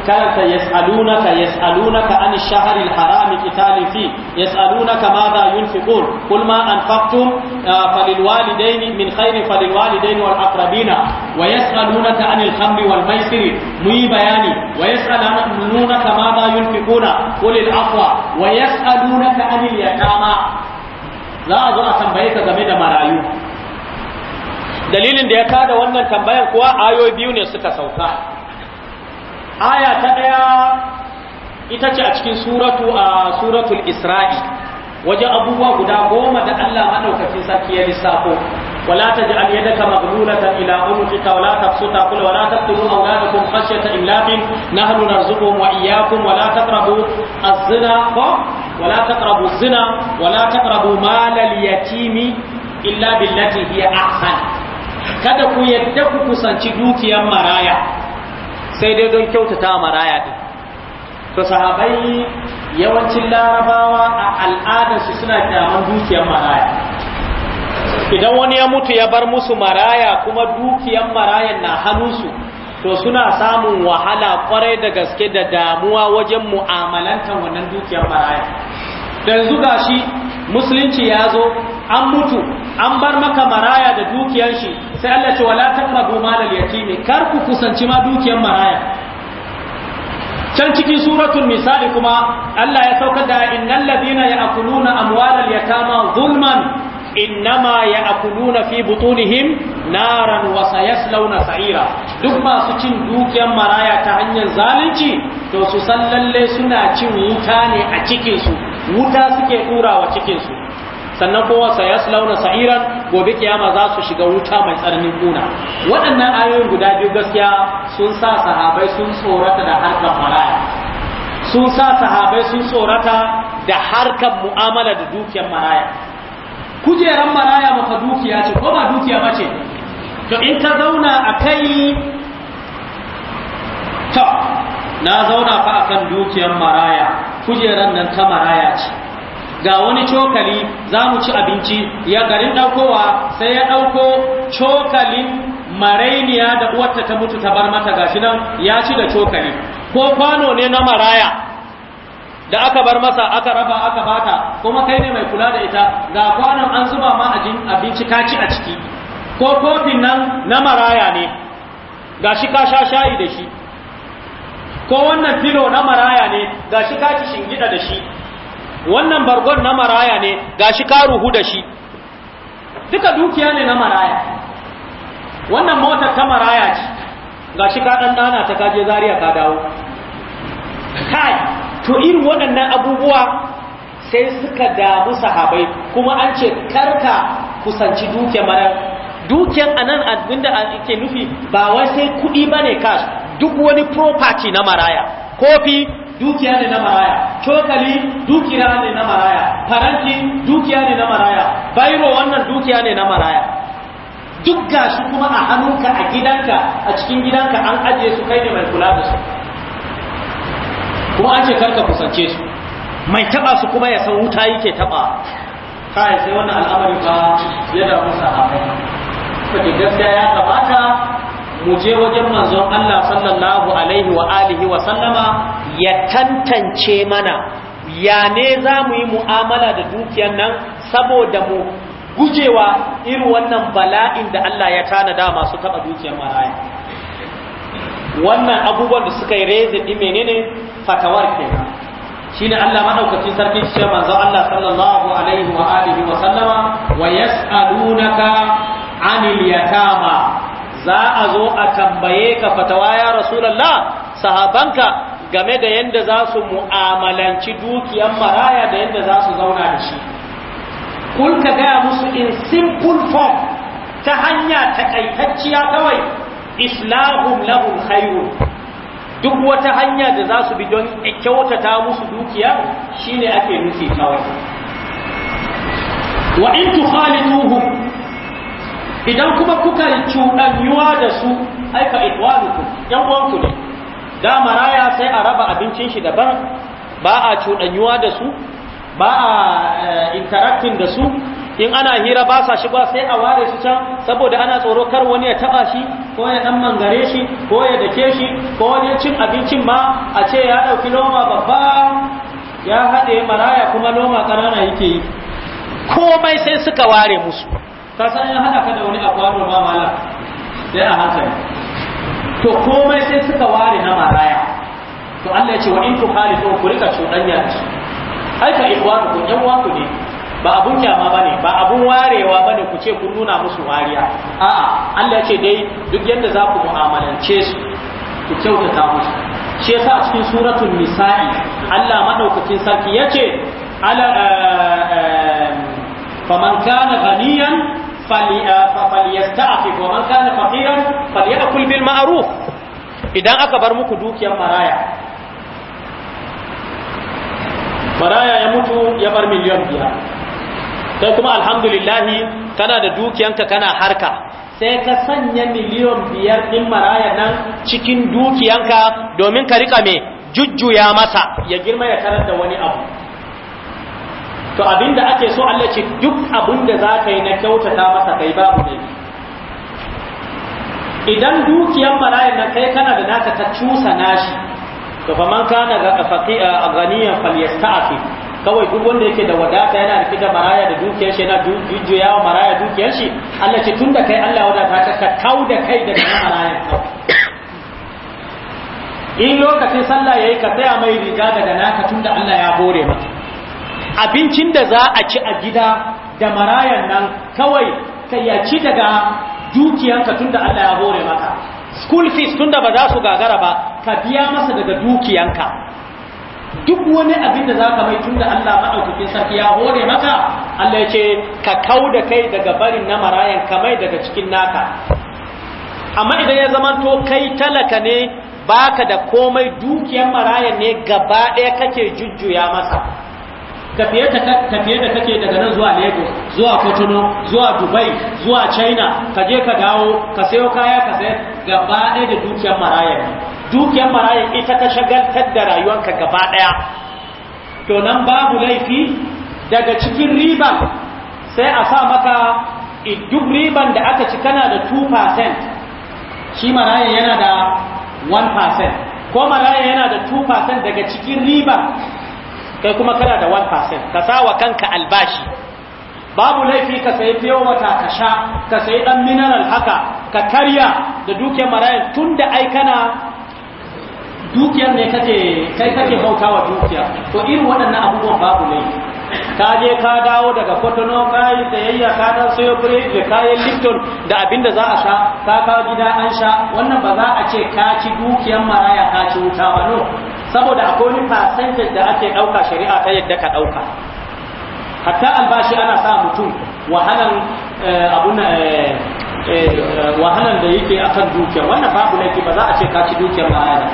karanta yas'alunaka yas'alunaka an shahril harami qitalin fi yas'alunaka madha yunfiqun qul ma anfaqtum uh, falil walidaini min khairin falil walidaini wal aqrabina wa yas'alunaka al khamri wal maisiri muyi bayani wa yas'alunaka madha yunfiquna qul al afwa wa yas'alunaka anil yatama za a zo a tambaye ka game da marayu dalilin da ya tada wannan tambayan kuwa ayoyi biyu ne suka sauka aya ta ɗaya ita ce a cikin suratu a suratul isra'i wajen abubuwa guda goma da Allah maɗaukakin sarki ya lissafo ولا تجعل يدك مغلولة إلى عنقك ولا تبسطها كل ولا تقتلوا أولادكم خشية إملاق نحن نرزقهم وإياكم ولا تقربوا الزنا ولا تقربوا الزنا ولا تقربوا مال اليتيم إلا بالتي هي أحسن kada ku yadda ku kusanci dukiyar maraya sai dai don kyautata maraya din to sahabai yawancin larabawa a al'adarsu suna kyaman dukiyar maraya idan wani ya mutu ya bar musu maraya kuma dukiyar marayan na hannunsu to suna samun wahala kwarai da gaske da damuwa wajen mu'amalantar wannan dukiyar maraya da yanzu shi musulunci ya zo an mutu an bar maka maraya da dukiyar shi sai Allah ce wala taqrabu malal yatimi kar ku kusanci ma dukiyar maraya can cikin suratun misali kuma Allah ya saukar da innal ladina ya'kuluna amwalal yatama zulman innama ya'kuluna fi butunihim naran wa sayaslawna sa'ira duk masu cin dukiyar maraya ta hanyar zalunci to su sallalle suna cin wuta ne a cikin su wuta suke turawa cikinsu sannan kowa sa ya launa sa'iran gobe kiyama za su shiga wuta mai tsananin kuna waɗannan ayoyin guda biyu gaskiya sun sa sahabai sun tsorata da harkar maraya sun sa sahabai sun tsorata da harkar mu'amala da dukiyar maraya kujeran maraya maka dukiya ce ko ba dukiya ba ce to in ta zauna a kai ta na zauna fa akan dukiyar maraya kujeran nan ta maraya ce ga wani cokali za mu ci abinci ya garin ɗaukowa sai ya ɗauko cokalin marainiya da uwarta ta mutu ta bar mata gashi nan ya ci da cokali ko kwano ne na maraya da aka bar masa aka raba aka bata kuma kai ne mai kula da ita ga kwanon an zuba ma abinci ka ci a ciki ko kofin nan na maraya ne gashi ka sha shayi da shi ko wannan filo na maraya ne shi ka ci shingida da shi wannan bargon na maraya ne ga shi ka ruhu da shi duka dukiya ne na maraya wannan motar ta maraya ce ga shi ka dan dana ta kaje Zariya ka dawo kai to irin waɗannan abubuwa sai suka damu sahabai kuma an ce karka kusanci dukiyar mara dukiyar anan abinda ake nufi ba wai sai kuɗi bane cash duk wani property na maraya kofi dukiya ne na maraya cokali dukiya ne na maraya faranti dukiya ne na maraya bairo wannan dukiya ne na maraya duk gashi kuma a hannunka a gidanka a cikin gidanka an ajiye su kai ne mai kula da su kuma an ce karka kusance su mai taba su kuma ya san wuta yake taba kai sai wannan al'amari ba yana musa sahabbai kuma gaskiya ya kamata mu je wajen manzon Allah sallallahu alaihi wa alihi wa sallama ya tantance mana ya ne za mu yi mu'amala da dukiyar nan saboda mu gujewa irin wannan bala'in da Allah ya tanada masu taɓa dukiyar maraya wannan abubuwan da suka yi reza ɗi menene fatawar kenan shi ne Allah maɗaukacin sarki ce manzon Allah sallallahu alaihi wa alihi wa sallama wa yas'alunaka anil yatama za a zo a tambaye ka fatawa ya rasulallah sahabanka game da yadda za su mu'amalanci dukiyan maraya da yadda za su zauna da shi kun ka gaya musu in simple form ta hanya takaitacciya kawai islahum lahum haihu. duk wata hanya da za su bi don kyautata musu dukiya shine ake nufi kawai wa in tukhalituhum idan kuma kuka cuɗanyuwa da su aika fa yan uwanku ne da maraya sai a raba abincin shi daban ba a cuɗanyuwa da su ba a eh, interacting da su in ana hira ba sa shiga sai a ware su can saboda ana tsoro kar wani ya taba shi ko ya dan mangare shi ko ya dake shi ko wani cin abincin ma a ce ya dauki loma babba ya haɗe maraya kuma loma ƙanana yake yi komai sai suka ware musu ka san ya hada ka da wani akwano ma mala sai a hankali to komai sai suka ware na maraya to Allah ya ce wa in ku khalifu ku rika cuɗanya da ai ka ikwanu ku yan waku ne ba abun kyama bane ba abun warewa bane ku ce ku nuna musu wariya a'a Allah ya ce dai duk yadda za ku mu'amalance su ku kyautata musu shi yasa a cikin suratul nisa'i Allah madaukakin sarki yace ala eh, eh, faman kana ghaniyan فليستعفف ومن idan aka bar muku dukiyar maraya maraya ya mutu ya bar miliyan biyar sai kuma alhamdulillahi kana da dukiyanka kana harka sai ka sanya miliyan biyar ɗin maraya nan cikin dukiyanka domin ka rika mai jujjuya masa ya girma ya karar da wani abu to abinda ake so Allah ce duk da za ka yi na kyautata masa kai babu ne idan dukiyar marayan na kai kana da naka ta cusa nashi to fa man kana ga faqi'a ghaniyan falyasta'fi kawai duk wanda yake da wadata yana rike da maraya da dukiyar shi yana jujjuya wa maraya dukiyar shi Allah ce tunda kai Allah wadata ka kau da kai daga marayan in lokacin sallah yayi ka tsaya mai riga daga naka tunda Allah ya bore maka abincin da za a ci a gida da marayan nan kawai ka yaci daga dukiyanka tunda Allah ya hore maka school fees tunda ba za su gagara ba ka biya masa daga dukiyanka duk wani abin da za ka mai tunda Allah maɗaukakin sarki ya hore maka Allah ya ce ka kau da kai daga barin na marayan ka mai daga cikin naka amma idan ya zama to kai talaka ne baka da komai dukiyan marayan ne gaba ɗaya kake jujjuya masa tafiye da kake daga nan zuwa lagos zuwa kotono zuwa dubai zuwa china ka je ka dawo ka sayo kaya ka sayar gaba ɗaya da dukiyar maraya dukiyar maraya ita ta shagaltar da rayuwarka gaba ɗaya to nan babu laifi daga cikin riban sai a sa maka duk riban da aka ci kana da 2% shi maraya yana da 1% ko maraya yana da 2% daga cikin riban kai kuma kana da 1% ka sawa kanka albashi babu laifi ka sayi fiye wata ka sha ka sayi dan mineral haka ka karya da dukiyar marayan tun da ai kana dukiyar ne kai kake bauta wa dukiya to irin waɗannan abubuwan babu laifi ka je ka dawo daga kwatano ka yi tsayayya ka dan sayo biredi da kayan lifton da abinda da za a sha ka kawo gida an sha wannan ba za a ce ka ci dukiyan maraya ka ci wuta ba no saboda akwai wani percentage da ake ɗauka shari'a ta yadda ka ɗauka hatta albashi ana sa mutum wahalan eh, abun eh, eh, wahalan da yake akan dukiya wannan babu laifi ba za a ce ka ci dukiyar maraya da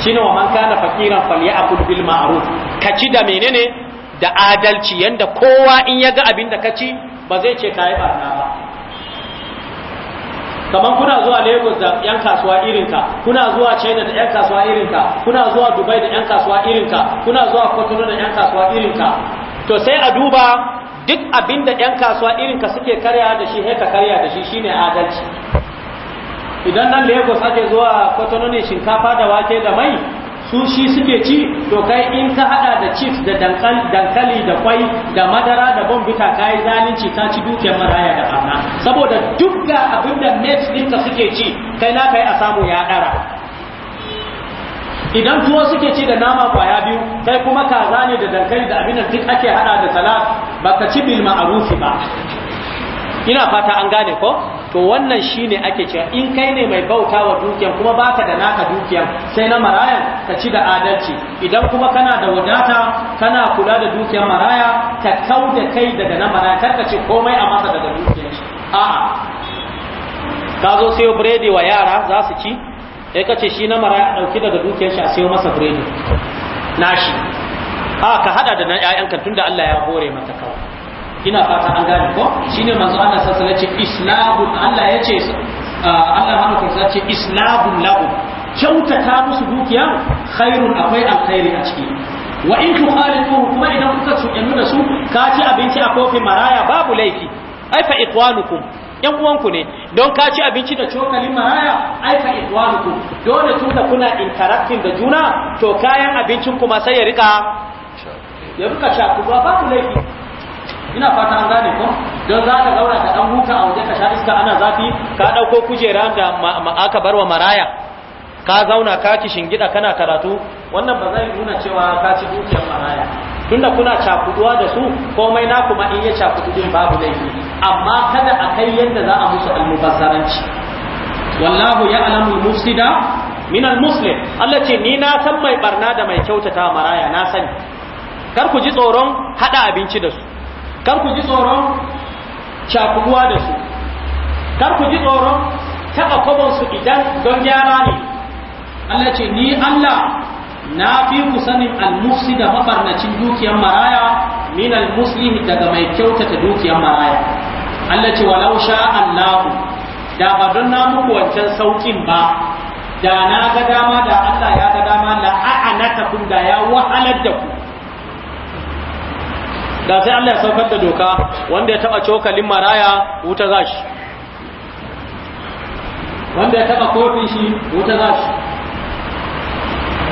shi ne wa man kana fakiran falyakul bil ma'ruf ka ci da menene da adalci yanda kowa in ya ga abin da ka ci ba zai ce ka yi barna ba kamar kuna zuwa lagos da 'yan kasuwa irinka kuna zuwa china da 'yan kasuwa irinka kuna zuwa dubai da 'yan kasuwa irinka kuna zuwa kotunan da 'yan kasuwa irinka to sai a duba duk abin da 'yan kasuwa irinka suke karya da shi haika karya da shi shi ne adalci idan nan lagos ake zuwa kotunan ne shinkafa da wake da mai su shi suke ci to kai in ka hada da chips da dankali da kwai da madara da bombita kai zalunci ka ci dukiyar maraya da amma, saboda duk ga abin da mates suke ci kai na kai a samu ya ɗara idan tuwo suke ci da nama kwaya biyu kai kuma kaza ne da dankali da abin duk ake hada da salat baka ci bil ma'arufi ba ina fata an gane ko to wannan shine ake cewa in kai ne mai bauta wa dukiyan kuma baka da naka dukiyan sai na maraya ka ci da adalci idan kuma kana da wadata kana kula da dukiya maraya ka kau da kai daga na maraya kar ka ce komai a masa daga dukiyan shi a'a ka zo sayo biredi wa yara za su ci sai ka ce shi na maraya dauki daga dukiyan shi a sai masa biredi nashi a ka hada da na 'ya'yanka tunda Allah ya hore mata kawai ina fata an gane ko shine manzo Allah sallallahu alaihi wasallam islamun Allah yace ah, Allah ma ko ce islamun lahu kyautata musu dukiya khairun akwai alkhairi a ciki wa in tukhalifu kuma idan kuka tsuyannu da su ka ci abinci a kofi maraya babu laifi ai fa ikwanukum yan uwanku ne don ka ci abinci da cokalin maraya ai fa ikwanukum dole tunda kuna interacting da juna to kayan abincin kuma sai ya rika ya rika shakuwa babu laifi ina fata an gane ko don za ka zauna ka dan huta a waje ka sha iska ana zafi ka dauko kujera da aka bar wa maraya ka zauna ka ci shingida kana karatu wannan ba zai nuna cewa ka ci dukiyar maraya tunda kuna cakuduwa da su komai na kuma in ya cakudu babu laifi amma kada a kai yadda za a musu almubazzaranci wallahu ya'lamu al-mufsida min al-muslim Allah ce ni na san mai barna da mai kyautata maraya na sani kar ku ji tsoron hada abinci da su kar ku ji tsoron cakuduwa da su kar ku ji tsoron taɓa su idan don gyara ne Allah ce ni Allah na fi ku sanin almusi da mafarnacin dukiyar maraya min almuslimi daga mai kyautata dukiyar maraya Allah ce walau sha Allahu da ba don na muku wancan saukin ba da na ga dama da Allah ya ga dama la'anata kun da ya wahalar da ku da sai Allah ya saukar da doka wanda ya taba cokalin maraya wuta za shi wanda ya taba kofin shi wuta za shi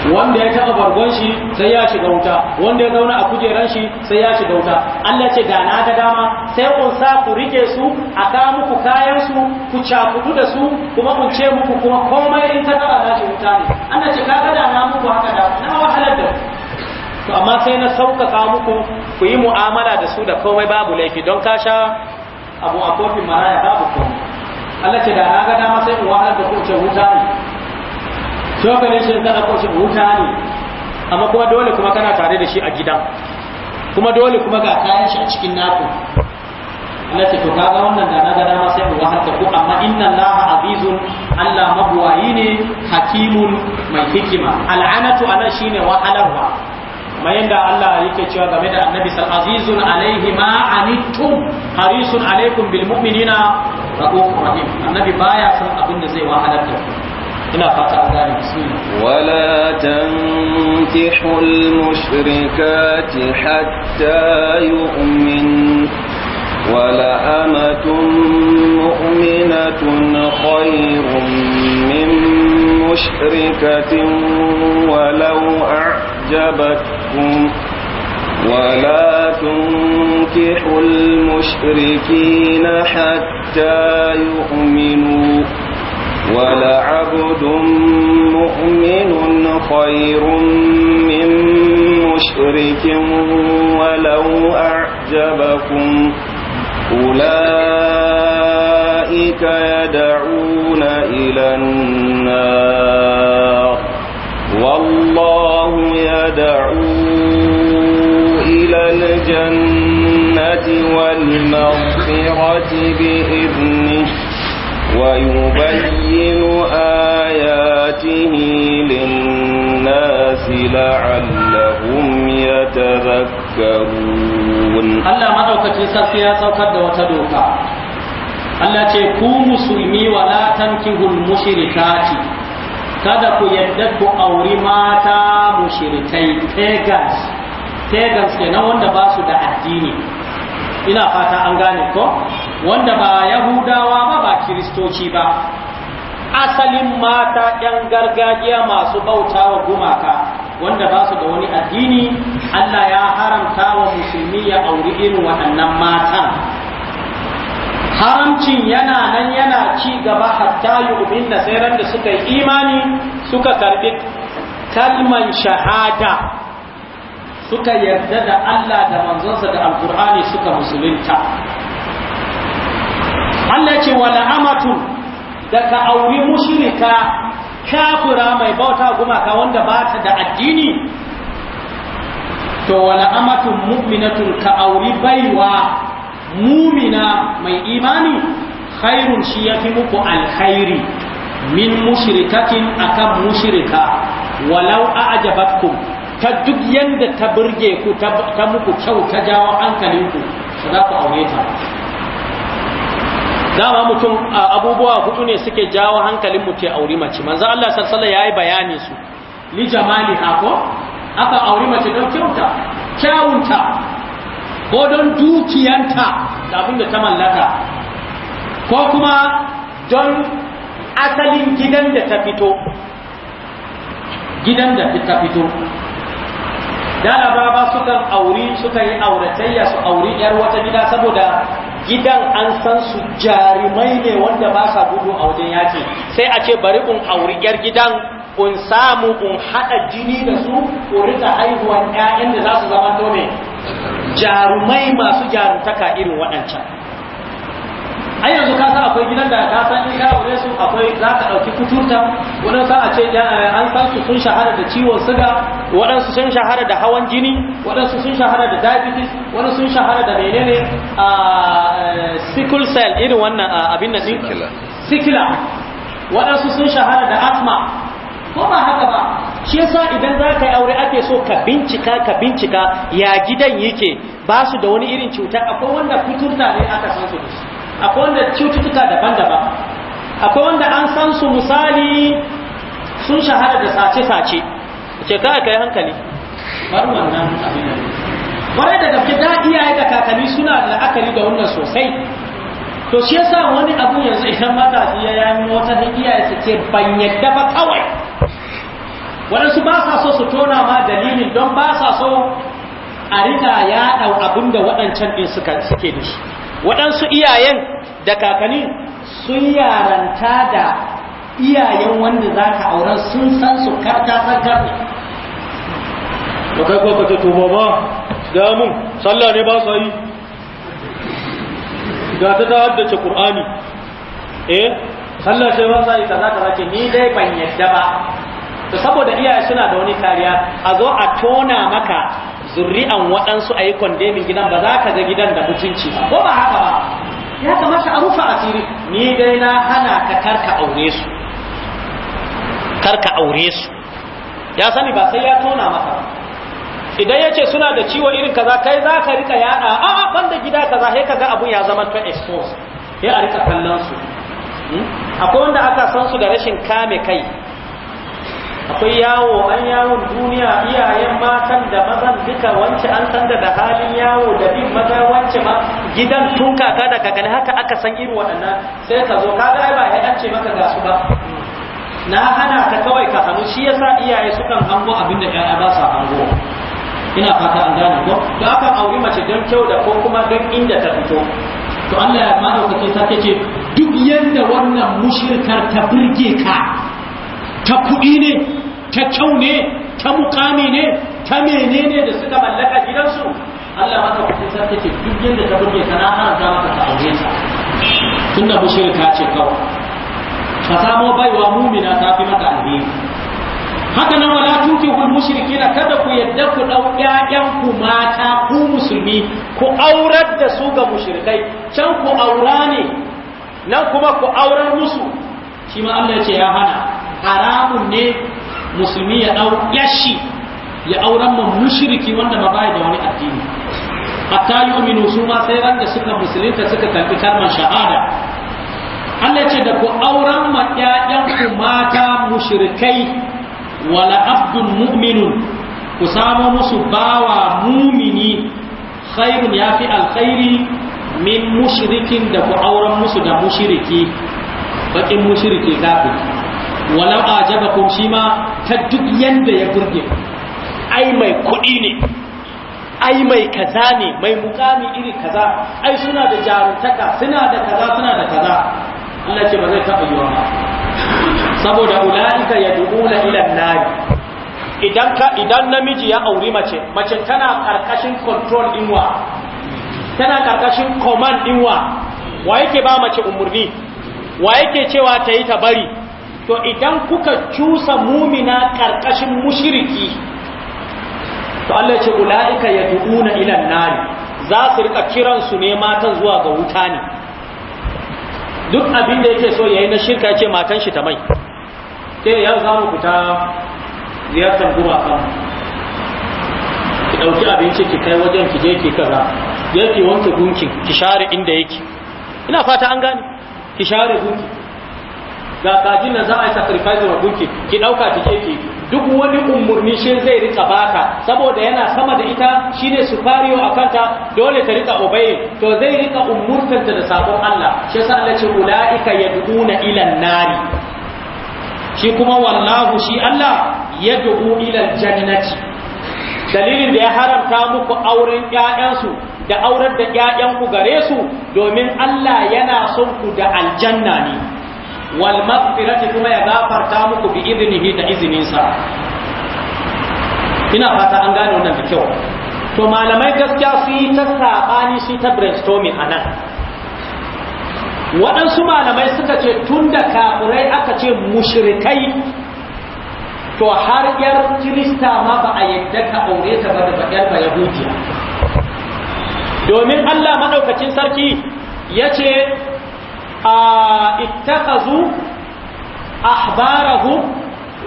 wanda ya taba bargon shi sai ya shiga wuta wanda ya zauna a kujeran shi sai ya shiga wuta Allah ce da na ta dama sai kun sa ku rike su a ka muku kayan su ku cakudu da su kuma kun ce muku kuma komai in ta tara za shi wuta ne Allah ce ka ga da na muku haka da na wahalar da to amma sai na sauƙaƙa muku ku yi mu'amala da su da komai babu laifi don ka sha abu a kofin maraya babu komai Allah ce da na ga dama sai in wahalar da kuce huta ne shokalin shi na kuce huta ne amma kuma dole kuma kana tare da shi a gidan kuma dole kuma ga kayan shi a cikin naku Allah ce to kaga wannan da na ga dama sai in wahalar da ku amma inna Allah azizun Allah mabwayi ne hakimun mai hikima al'anatu ana shine wahalarwa ma yanda Allah yake cewa game da annabi sal azizun alaihi ma anittum harisun alaikum bil mu'minina rahimun rahim annabi baya san abin da zai wahalar da ina fata an gane bismillah wala tankihul mushrikati hatta yu'min ولأمة مؤمنة خير من مشركة ولو أعجبتكم لكم ولا تنكحوا المشركين حتى يؤمنوا ولعبد مؤمن خير من مشرك ولو أعجبكم أولئك يدعون إلى النار والله يدعون الجنة والمغفرة بإذنه ويبين آياته للناس لعلهم يتذكرون الله ما دوكتي سرقيا سوكد وتدوكا Allah ce ku musulmi wa la tankihul mushrikati kada ku yadda ku auri mata mushrikai egas. pagans na wanda ba su da addini ina fata an gane ko wanda ba yahudawa ba ba kiristoci ba asalin mata yan gargajiya masu bauta wa gumaka wanda ba su da wani addini Allah ya haramta wa musulmi ya auri irin waɗannan matan haramcin yana nan yana ci gaba hatta yi sai ran da suka yi imani suka karbi kalman shahada suka yarda da Allah da manzonsa da alkur'ani suka musulunta Allah ce wala amatu da ka auri mushrika kafira mai bauta gumaka wanda ba ta da addini to wala amatu mu'minatun ka auri baiwa mumina mai imani khairun shi ya fi muku alkhairi min mushrikatin akan mushrika walau a'jabatkum ta duk yanda ta burge ku ta muku kyau ta jawo hankalinku ku za ku aure ta dama mutum abubuwa hudu ne suke jawo hankalin mutum ya auri mace manzo Allah sallallahu ya yi bayani su li jamali hako aka auri mace don kyauta kyawunta ko don dukiyanta da abin da ta mallaka ko kuma don asalin gidan da ta fito gidan da ta fito da laraba sukan auri suka yi auratayya su auri yar wata gida saboda gidan an san su jarumai ne wanda ba sa gudu a wajen yaki sai a ce bari in auri yar gidan in samu in haɗa jini da su in rika haihuwan 'ya'yan da za su zama dole. jarumai masu jarumtaka irin waɗancan ai yanzu ka san akwai gidan da ka san in ka aure su akwai za ka ɗauki kuturta wani sa a ce an san su sun shahara da ciwon suga waɗansu sun shahara da hawan jini waɗansu sun shahara da diabetes waɗansu sun shahara da menene a eh, sickle cell irin wannan abin nan sikila waɗansu sun shahara da asma ko ba haka ba shi yasa idan za ka yi aure ake so ka bincika ka bincika ya gidan yake ba su da wani irin cuta akwai wanda kuturta ne aka san su da shi akwai wanda cututtuka daban-daban akwai wanda an san su misali sun shahara da sace-sace ce ka kai hankali bar wannan abin kwarai da gaske da iyaye da kakanni suna da la'akari da wannan sosai to shi yasa wani abu yanzu idan shi ya yi wata da iyaye su ce ban yadda ba kawai waɗansu ba sa so su tona ma dalilin don ba sa so a rika yaɗa abin da waɗancan ɗin suke da shi waɗansu iyayen da kakanni sun yaranta da iyayen wanda za ka auren sun san su karta tsakar da kai kuwa kace to baba sallah ne ba su yi ga ta ta haddace ƙur'ani eh sallah ce ba sa yi za ka ke ni dai ban yadda ba to saboda iyaye suna da wani kariya a zo a tona maka zurri'an waɗansu a yi gidan ba za ka ga gidan da mutunci ba ko ba haka ba ya kamata a rufa asiri ni dai na hana ka karka aure su karka aure su ya sani ba sai ya tona maka idan ya ce suna da ciwo irin kaza kai za ka rika yaɗa a banda banda gida kaza sai ka ga abun ya zama to expose sai a rika kallon su hmm? akwai wanda aka san su da rashin kame kai akwai yawo an yawon duniya iyayen matan da mazan duka wance an san da halin yawo da bin maza wance ma gidan tun kaka daga gani haka aka san irin waɗannan sai ka zo ka ga ba ya ce maka ga su ba na hana ta kawai ka hannu shi yasa iyaye sukan hango abin da ƴaƴa ba sa hango ina fata an gane ko da aka auri mace don kyau da ko kuma don inda ta fito to Allah ya madaukake ta ce duk yanda wannan mushirkar ta burge ka ta kuɗi ne ta kyau ne ta mukami ne ta menene da suka mallaka gidansu Allah maka kuɗi ta ke duk yadda ta burge ka na haramta maka ta aure ta bushe mushrika ce kawai ka samo baiwa mumina ta fi maka alheri haka nan wala mushriki mushrikina kada ku yadda ku dau ƴaƴan ku mata ku musulmi ku aurar da su ga mushrikai can ku aura ne nan kuma ku aurar musu shi ma Allah ce ya hana haramun ne musulmi ya dau yashi ya auren mu mushriki wanda ba bai da wani addini hatta yu'minu su ma sai ran da suka musulunta suka karbi kalmar shahada Allah ce da ku auren ma ƴaƴan ku mata mushrikai wala abdun mu'minun ku samo musu bawa mumini khairun yafi alkhairi min mushrikin da ku auren musu da mushriki bakin mushriki zafi. walau ajabakum shi ma ta duk yanda ya burge ai mai kuɗi ne ai mai kaza ne mai mukami iri kaza ai suna da jaruntaka suna da kaza suna da kaza Allah ce ba zai taɓa yi wa. saboda ula'ika ya duƙula ilan nari idan ka idan namiji ya auri mace mace tana karkashin control inwa tana karkashin command inwa wa yake ba mace umurni wa yake cewa ta yi ta bari to idan kuka cusa mumina ƙarƙashin mushiriki to Allah ce ula'ika ya du'una ilan nari za su rika kiransu ne matan zuwa ga wuta ne duk abin da yake so yayi na shirka ya ce matan shi ta mai sai yau za mu fita ziyartar gumakan ki ɗauki abinci ki kai wajen ki je ki kaza yake wanke gunkin ki share inda yake ina fata an gane ki share gunki ga kajin nan za a yi sacrifice wa gunki ki ɗauka ki keke duk wani umurni shi zai rika baka saboda yana sama da ita shine superior a kanta, dole ta rika obey to zai rika umurtanta da sabon Allah shi yasa Allah ce ulaika yad'una ila nari shi kuma wallahu shi Allah yad'u ila jannati dalilin da ya haramta muku auren ƴaƴansu da aurar da yayanku gare su domin Allah yana son ku da aljanna ne wal maghfirati kuma ya gafarta muku bi idnihi da izininsa ina fata an gane wannan da kyau to malamai gaskiya su yi ta saɓani su ta brainstorming a nan waɗansu malamai suka ce tun da kafurai aka ce mushrikai to har yar kirista ma ba a yadda ka aure ta ba da ba yar ba yahudiya domin Allah maɗaukacin sarki ya ce a ittakazu ahbarahu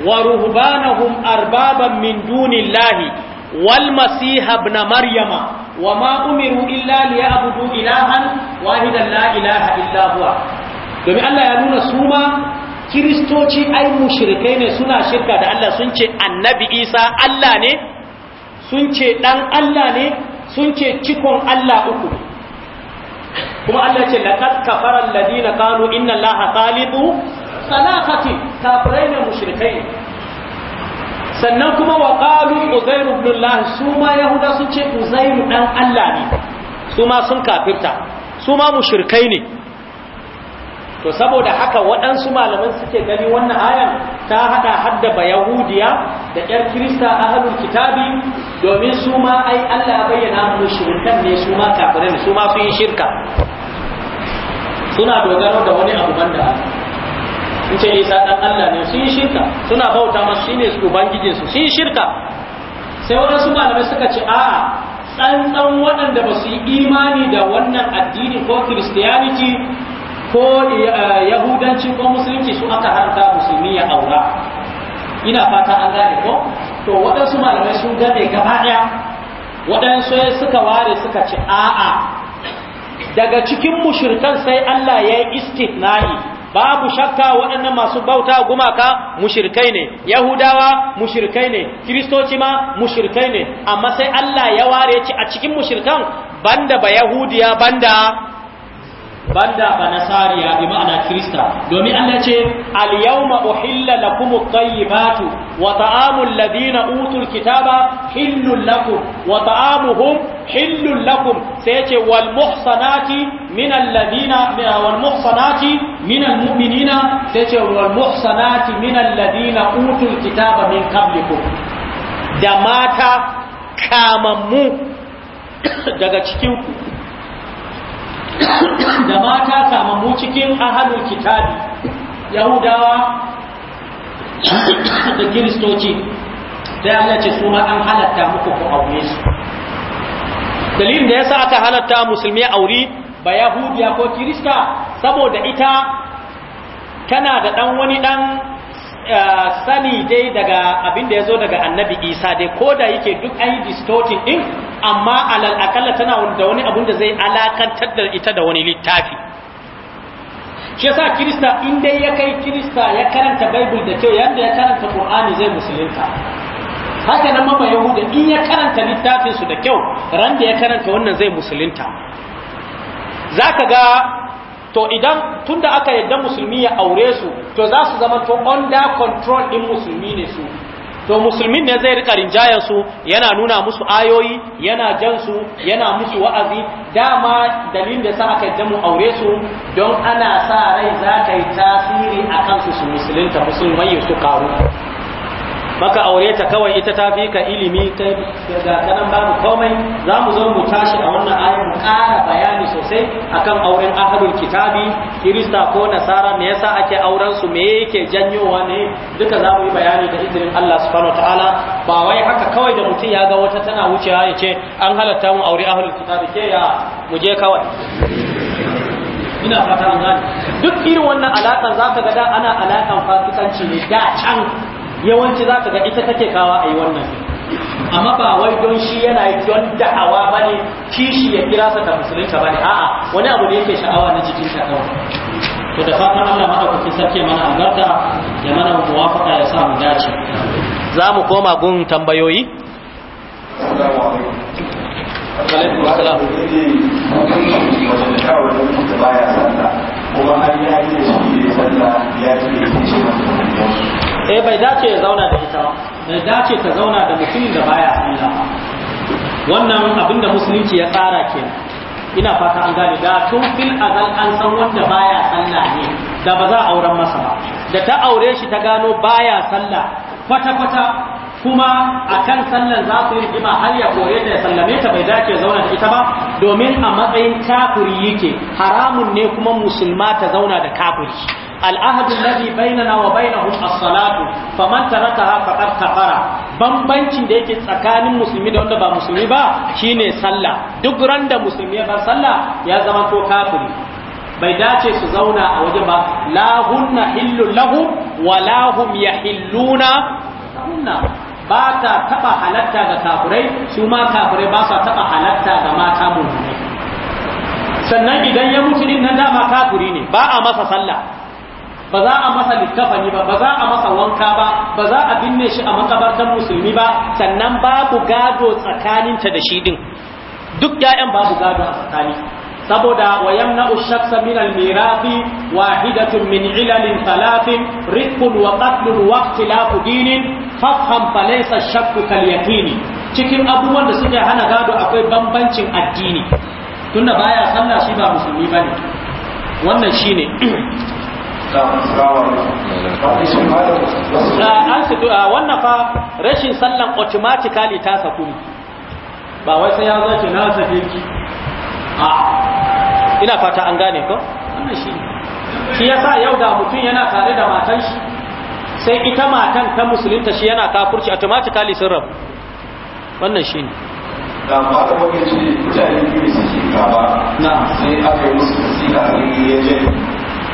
wa ruhbanahum arbaban min dunillahi wal masiha ibn maryama wa ma umiru illa liya'budu ilahan wahidan la ilaha illa huwa domin Allah ya nuna su ma kiristoci ai mushrikai ne suna shirka da Allah sun ce annabi Isa Allah ne sun ce dan Allah ne sun ce cikon Allah uku kuma Allah ce laqad kafara alladina qalu inna allaha thalithu salakati kafirai ne mushrikai sannan kuma wa qalu uzair ibn allah su ma yahuda sun ce uzair dan Allah ne su ma sun kafirta su ma mushrikai ne to saboda haka waɗansu malaman suke gani wannan ayan ta haɗa hadda ba yahudiya da ƴar kirista a halin kitabi domin su ma ai Allah bayyana mu shirkan ne su ma kafirai su ma sun yi shirka suna dogaro da wani abu banda in ce isa dan Allah ne su yi shirka suna bauta masu shi ne su ubangijin su yi shirka sai waɗansu malamai suka ce a'a tsantsan waɗanda ba su yi imani da wannan addini ko christianity ko eh, yahudanci ko musulunci su aka haramta musulmi ya aura ina fata an gane ko to waɗansu malamai sun gane gaba ɗaya waɗansu suka ware suka ce a'a daga cikin mushirkan sai Allah ya yi istithna'i babu shakka waɗannan masu bauta gumaka mushirkai ne yahudawa mushirkai ne kiristoci ma mushirkai ne amma sai Allah ya ware ci a cikin mushirkan banda ba yahudiya banda banda banasariya bi ma'ana krista domin Allah ce al-yawma uhilla lakum at-tayyibatu wa ta'amul ladina utul kitaba hillul lakum wa ta'amuhum hillul lakum sai ce wal muhsanati min alladina wal muhsanati min almu'minina sai ce wal muhsanati min alladina utul kitaba min qablikum da mata kamammu daga cikin da mata kamammu cikin ahalin kitabi yahudawa da kiristoci da Allah ce su an halatta muku ku aure su dalilin da ya sa aka halatta musulmi aure ba yahudiya ko kirista saboda ita tana da dan wani dan Eh, sani dai daga abin da ya zo daga annabi isa dai ko da yake duk an yi distorting ɗin amma alal akalla tana da wani abin da zai alakantar da ita da wani littafi shi yasa kirista in dai ya kai kirista ya karanta bible da kyau yadda ya karanta qur'ani zai musulunta haka nan mama yahuda in ya karanta littafinsu da kyau ran da ya karanta wannan zai musulunta zaka ga to idan tunda aka yadda musulmi ya aure su to za su zama to under control din musulmi ne su to musulmin ne zai rika rinjayen su yana nuna musu ayoyi yana jan su yana musu wa'azi dama dalilin da sa aka yadda mu aure su don ana sa rai za ta yi tasiri akan su su musulunta musulmai su karu maka aure ta kawai ita ta fi ka ilimi ta ga babu komai za mu zo mu tashi a wannan ayar mu ƙara bayani sosai akan auren ahlul kitabi kirista ko nasara me yasa ake auren su me yake janyowa ne duka za mu yi bayani da izinin Allah subhanahu wataala ba wai haka kawai da mutum ya ga wata tana wucewa ya ce an halatta mu aure ahlul kitabi ke ya mu je kawai ina fata an gane duk irin wannan alaƙar za ka ga da ana alaƙar fasikanci ne da can yawanci za ka ga ita take kawa a yi wannan amma ba wai don shi yana don da'awa ba ne kishi ya kira sa ta musulunta ba ne a'a wani abu ne yake sha'awa na jikin sa kawai to da fatan Allah madaukaki sarki mana albarka ya mana muwafaka ya sa mu dace za mu koma gun tambayoyi kuma an yi da shi ya ce eh bai dace ya zauna da ita bai dace ta zauna da mutumin da baya sallah wannan abin da musulunci ya tsara ke ina fata an gane da tun fil azal an san wanda baya sallah ne da ba za a auren masa ba da ta aure shi ta gano baya sallah kwata kwata kuma a kan sallar za su yi rigima har ya kore da ya sallame ta bai dace zauna da ita ba domin a matsayin kafiri yake haramun ne kuma musulma ta zauna da kafiri العهد الذي بيننا وبينهم الصلاة فمن تركها فقد كفر bambancin da yake tsakanin musulmi da wanda ba musulmi ba shine sallah duk randa da musulmi ya bar sallah ya zama to kafiri bai dace su zauna a waje ba la hunna hillu lahu wa la hum yahilluna hunna ba ta taɓa halatta ga kafirai su ma kafirai ba sa taɓa halatta ga mata mummunai sannan idan ya mutu din nan dama kafiri ne ba a masa sallah ba za a masa littafani ba ba za a masa wanka ba ba za a binne shi a makabartar musulmi ba sannan babu gado tsakaninta da shi din duk 'ya'yan babu gado a tsakani saboda wa yamna'u shakhsa min al-mirathi wahidatun min ilalin thalathin rifqun wa qatlun wa ikhtilafu dinin fafham falaysa shakku kal yaqini cikin abubuwan da suke hana gado akwai bambancin addini tunda baya sallah shi ba musulmi bane wannan shine ah, ah, wannan fa rashin sallan automatically ta saku ba wai sai ya zo ki na safe ki ina fata an gane ko wannan shi yasa yau da mutum yana tare da matan shi sai ita matan ta musulunta shi yana kafurci automatically sun rabu wannan shi ne da ba ta wani ce mutane shi ka ba na sai aka yi musu wasiƙa ne ya je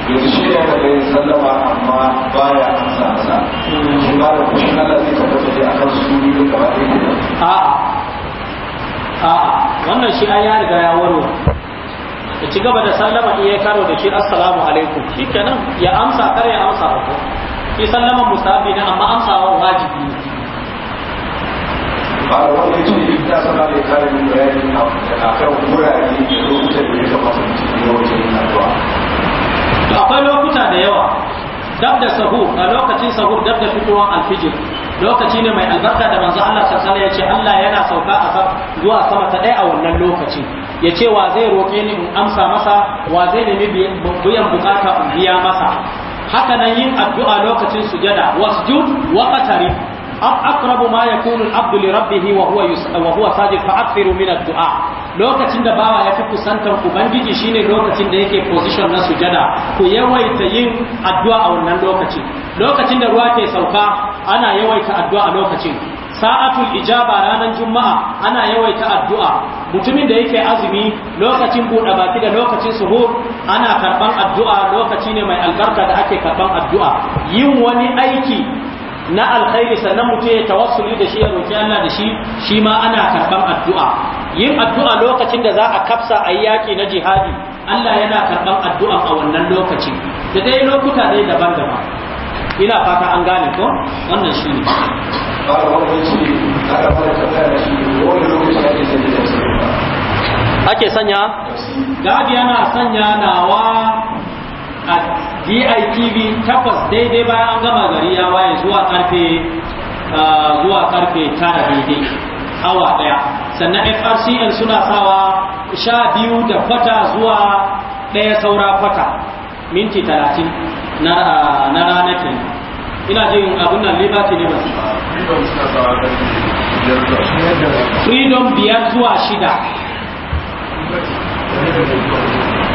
yanzu shi ya ga yin sallama amma baya amsa sa mm. shi ba da kushin Allah zai tabbata da akan su biyu gaba ɗaya a a wannan shi an ya riga ya warware ya ci gaba da sallama iya karo da shi assalamu alaikum shi kenan ya amsa kar ya amsa ko shi sallama musabbi ne amma amsa wa wajibi ne ba wanda ya ce ita sana da karin bayani a kan wurare da lokutan da ya kamata mutum ya wuce yin addu'a akwai lokuta da yawa dab da sahu, a lokacin sahu dab da fitowar alfijir lokaci ne mai albarka da manzo Allah sallallahu alaihi ya ce Allah yana sauka a zuwa sama ta ɗaya a wannan lokacin ya ce wa zai roƙe ni in amsa masa wa zai nemi biyan bukata in biya masa haka nan yin addu'a lokacin sujada wasjud wa qatari aqrabu ma yakunu al-abdu li rabbih wa huwa wa huwa sajid fa akthiru min ad lokacin da bawa ya fi kusantar ubangiji shine lokacin da yake position na sujada ku yawaita yin addu'a a wannan lokacin lokacin da ruwa ke sauka ana yawaita addu'a a lokacin sa'atul ijaba ranar juma'a ana yawaita addu'a mutumin da yake azumi lokacin buɗe baki da lokacin suhur ana karɓan addu'a lokaci ne mai albarka da ake karɓan addu'a yin wani aiki na alkhairi sannan mutum ya tawassuli da shi ya roki Allah da shi shi ma ana karɓan addu'a yin addu'a lokacin da za a kafsa a yaki na jihadi Allah yana karɓan addu'a a wannan lokaci da dai lokuta dai daban-daban ina fata an gane ko wannan shi ne ake sanya gadi yana sanya nawa a DITV takwas daidai bayan an gama gari ya waye zuwa karfe zuwa karfe tara daidai awa daya sannan FRCN suna sawa sha biyu da fata zuwa daya saura fata minti talatin na na rana ina jin abun nan liberty ne su freedom biyar zuwa shida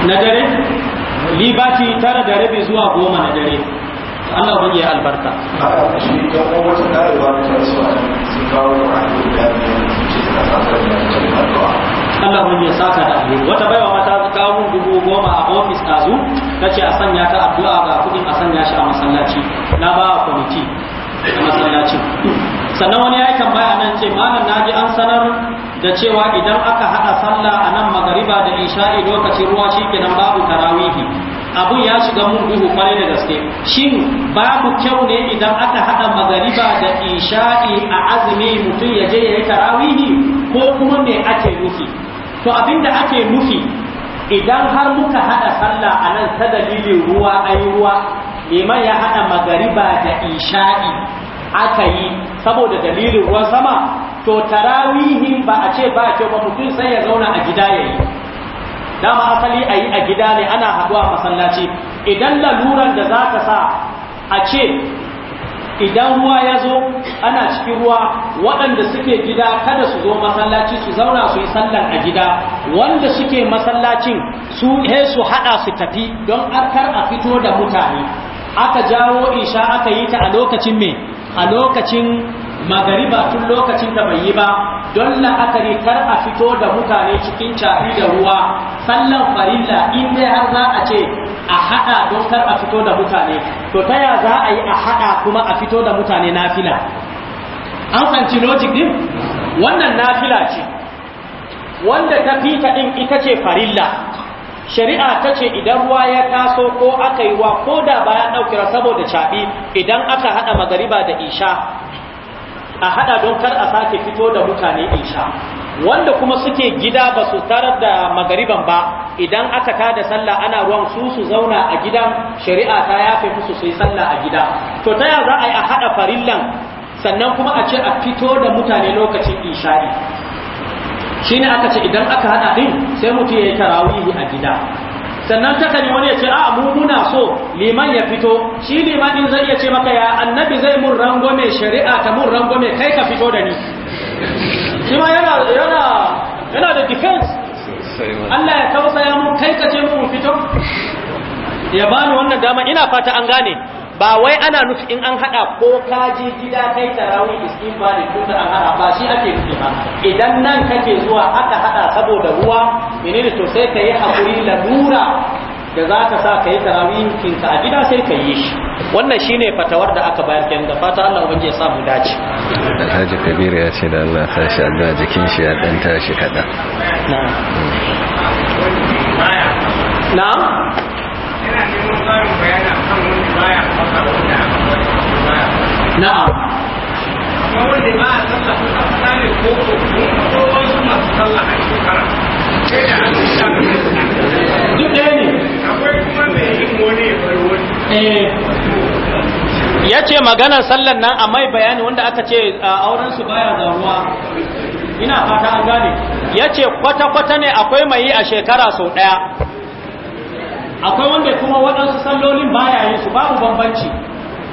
na dare liberty tara da rabi zuwa goma na dare Allah bai yi albarka Allah mun ya saka da alheri wata baiwa ma ta kawo mun dubu goma a ofis ɗazu ta ce a sanya ta addu'a ga kudin a sanya shi a masallaci na ba a kwamiti a masallaci sannan wani ya yi tambaya nan ce malam na ji an sanar da cewa idan aka haɗa sallah a nan magariba da isha'i lokacin ruwa shi kenan babu tarawihi abun ya shiga mun duhu kwarai da gaske shin babu kyau ne idan aka haɗa magariba da isha'i a azumi mutum ya je ya yi tarawihi ko kuma me ake nufi to abinda ake nufi idan har muka hada sallah a nan ta dalilin ruwa ai ruwa neman ya hada magariba da isha'i aka yi saboda dalilin ruwan sama to tarawihin ba a ce ba kyau ba mutum sai ya zauna a gida ya yi dama asali a yi a gida ne ana haduwa masallaci idan laluran da za ka sa a ce idan ruwa ya zo ana cikin ruwa waɗanda suke gida kada su zo masallaci su zauna su yi sallar a gida wanda suke masallacin su he su haɗa su tafi don arkar a fito da mutane aka jawo isha aka yi ta a lokacin me a lokacin Magari ba tun lokacin da bai yi ba don la'akari kar a fito da mutane cikin cari da ruwa sallan farilla in dai har za a ce a haɗa don kar a fito da mutane to ta ya za a yi a haɗa kuma a fito da mutane nafila an fanci logic din wannan nafila ce wanda ta fita din ita ce farilla shari'a ta ce idan ruwa ya taso ko aka yi wa ko da bayan ɗaukira saboda caɓi idan aka haɗa magariba da isha a hada don kar a sake fito da mutane isha wanda kuma suke gida ba su tarar da magariban ba idan aka tada sallah ana ruwan su su zauna a gidan shari'a ta yafe musu su yi sallah a gida to ta ya za a yi a hada farillan sannan kuma a ce a fito da mutane lokacin isha'i shine aka ce idan aka hada din sai mutum ya yi tarawihi a gida sannan ta kan wani ya ce a ah, mu muna so liman ya fito shi liman din zai iya ce maka ya annabi zai mun rangwame shari'a ta mun rangwame kai ka fito da ni shi yana yana yana da defense Allah ya tausaya mun kai ka ce mun fito ya bani wannan dama ina fata an gane ba wai ana nufi in an haɗa ko kaji gida kai tarawih istighfari ko da an haɗa ba shi ake nufi ba idan nan kake zuwa aka haɗa saboda ruwa menene to sai ka yi hakuri dura da za ka sa ka yi kin ka a gida sai ka yi shi wannan shine fatawar da aka bayar kenan da fata Allah ubangiji ya mu dace Alhaji Kabiru ya ce da Allah ta sa Allah jikin shi ya dan tashi kadan na'am hmm. na'am na'am duk ne akwai kuma yin wani ya wani ya ce maganar sallan nan a mai bayani wanda aka ce aurensu baya ruwa ina fata an gane ya ce kwata-kwata ne akwai mai yi a shekara sau ɗaya akwai wanda kuma waɗansu sallolin baya yin su babu bambanci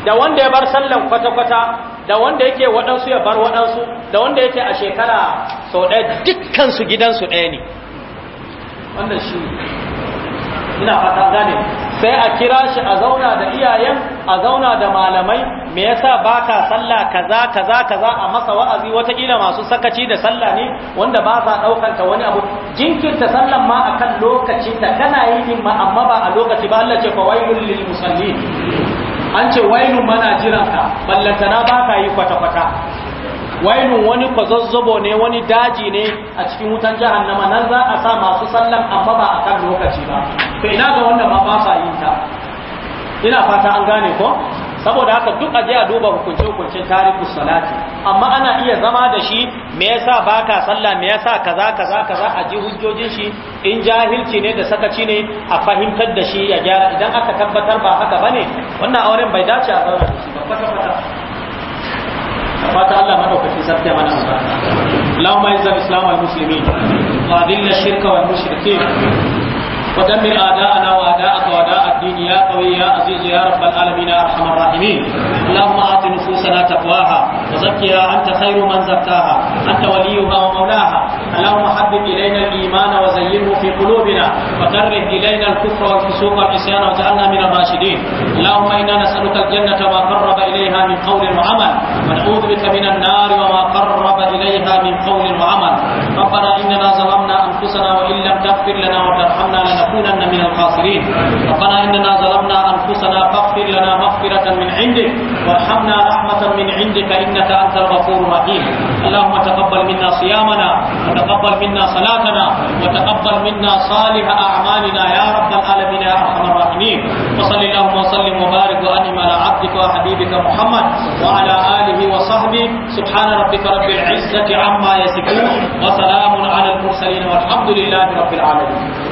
da wanda ya bar sallan kwata-kwata da wanda yake waɗansu ya bar waɗansu da wanda yake a shekara sau ɗaya dukkansu gidansu ɗaya ne wannan shi ina fata gane sai a kira shi a zauna da iyayen a zauna da malamai me yasa ka salla kaza kaza kaza a masa wa'azi wata wataƙila masu sakaci da salla ne wanda ba sa ɗaukar ta wani abu jinkirta sallan ma akan lokaci da kana yi ma amma ba a lokaci ba Allah ce fa wailul lil musallin an ce wainun mana ka ballantana ba ka yi kwata-kwata wainun wani kwazazzabo ne wani daji ne a cikin wutan jihar na nan za a sa masu sallan amma ba a kan lokaci ba to ina ga wanda ma ba sa yin ta ina fata an gane ko saboda haka duk aje a duba hukunce hukuncin tarihi salati amma ana iya zama da shi me yasa baka sallah me yasa kaza kaza kaza a ji hujjojin shi in jahilci ne da sakaci ne a fahimtar da shi ya gyara idan aka tabbatar ba haka bane wannan auren bai dace a zauna da shi ba kwata kwata fata Allah sarki Allahumma islam shirka ودمر اعداءنا واداءك واداء الدين يا قوي يا عزيز يا رب العالمين يا ارحم الراحمين اللهم اعط نفوسنا تقواها وزكها انت خير من زكاها انت وليها ومولاها اللهم حبب الينا الايمان وزينه في قلوبنا وكره الينا الكفر والفسوق والعصيان واجعلنا من الراشدين اللهم انا نسالك الجنه ما قرب اليها من قول وعمل ونعوذ بك من النار وما قرب اليها من قول وعمل ربنا اننا ظلمنا انفسنا وان لم تغفر لنا وترحمنا لنا لنكونن من الخاسرين ربنا إننا ظلمنا أنفسنا فاغفر لنا مغفرة من عندك وارحمنا رحمة من عندك إنك أنت الغفور الرحيم اللهم تقبل منا صيامنا وتقبل منا صلاتنا وتقبل منا صالح أعمالنا يا رب العالمين يا أرحم الراحمين وصل اللهم وسلم وبارك وأنعم على عبدك وحبيبك محمد وعلى آله وصحبه سبحان ربك رب العزة عما يصفون وسلام على المرسلين والحمد لله رب العالمين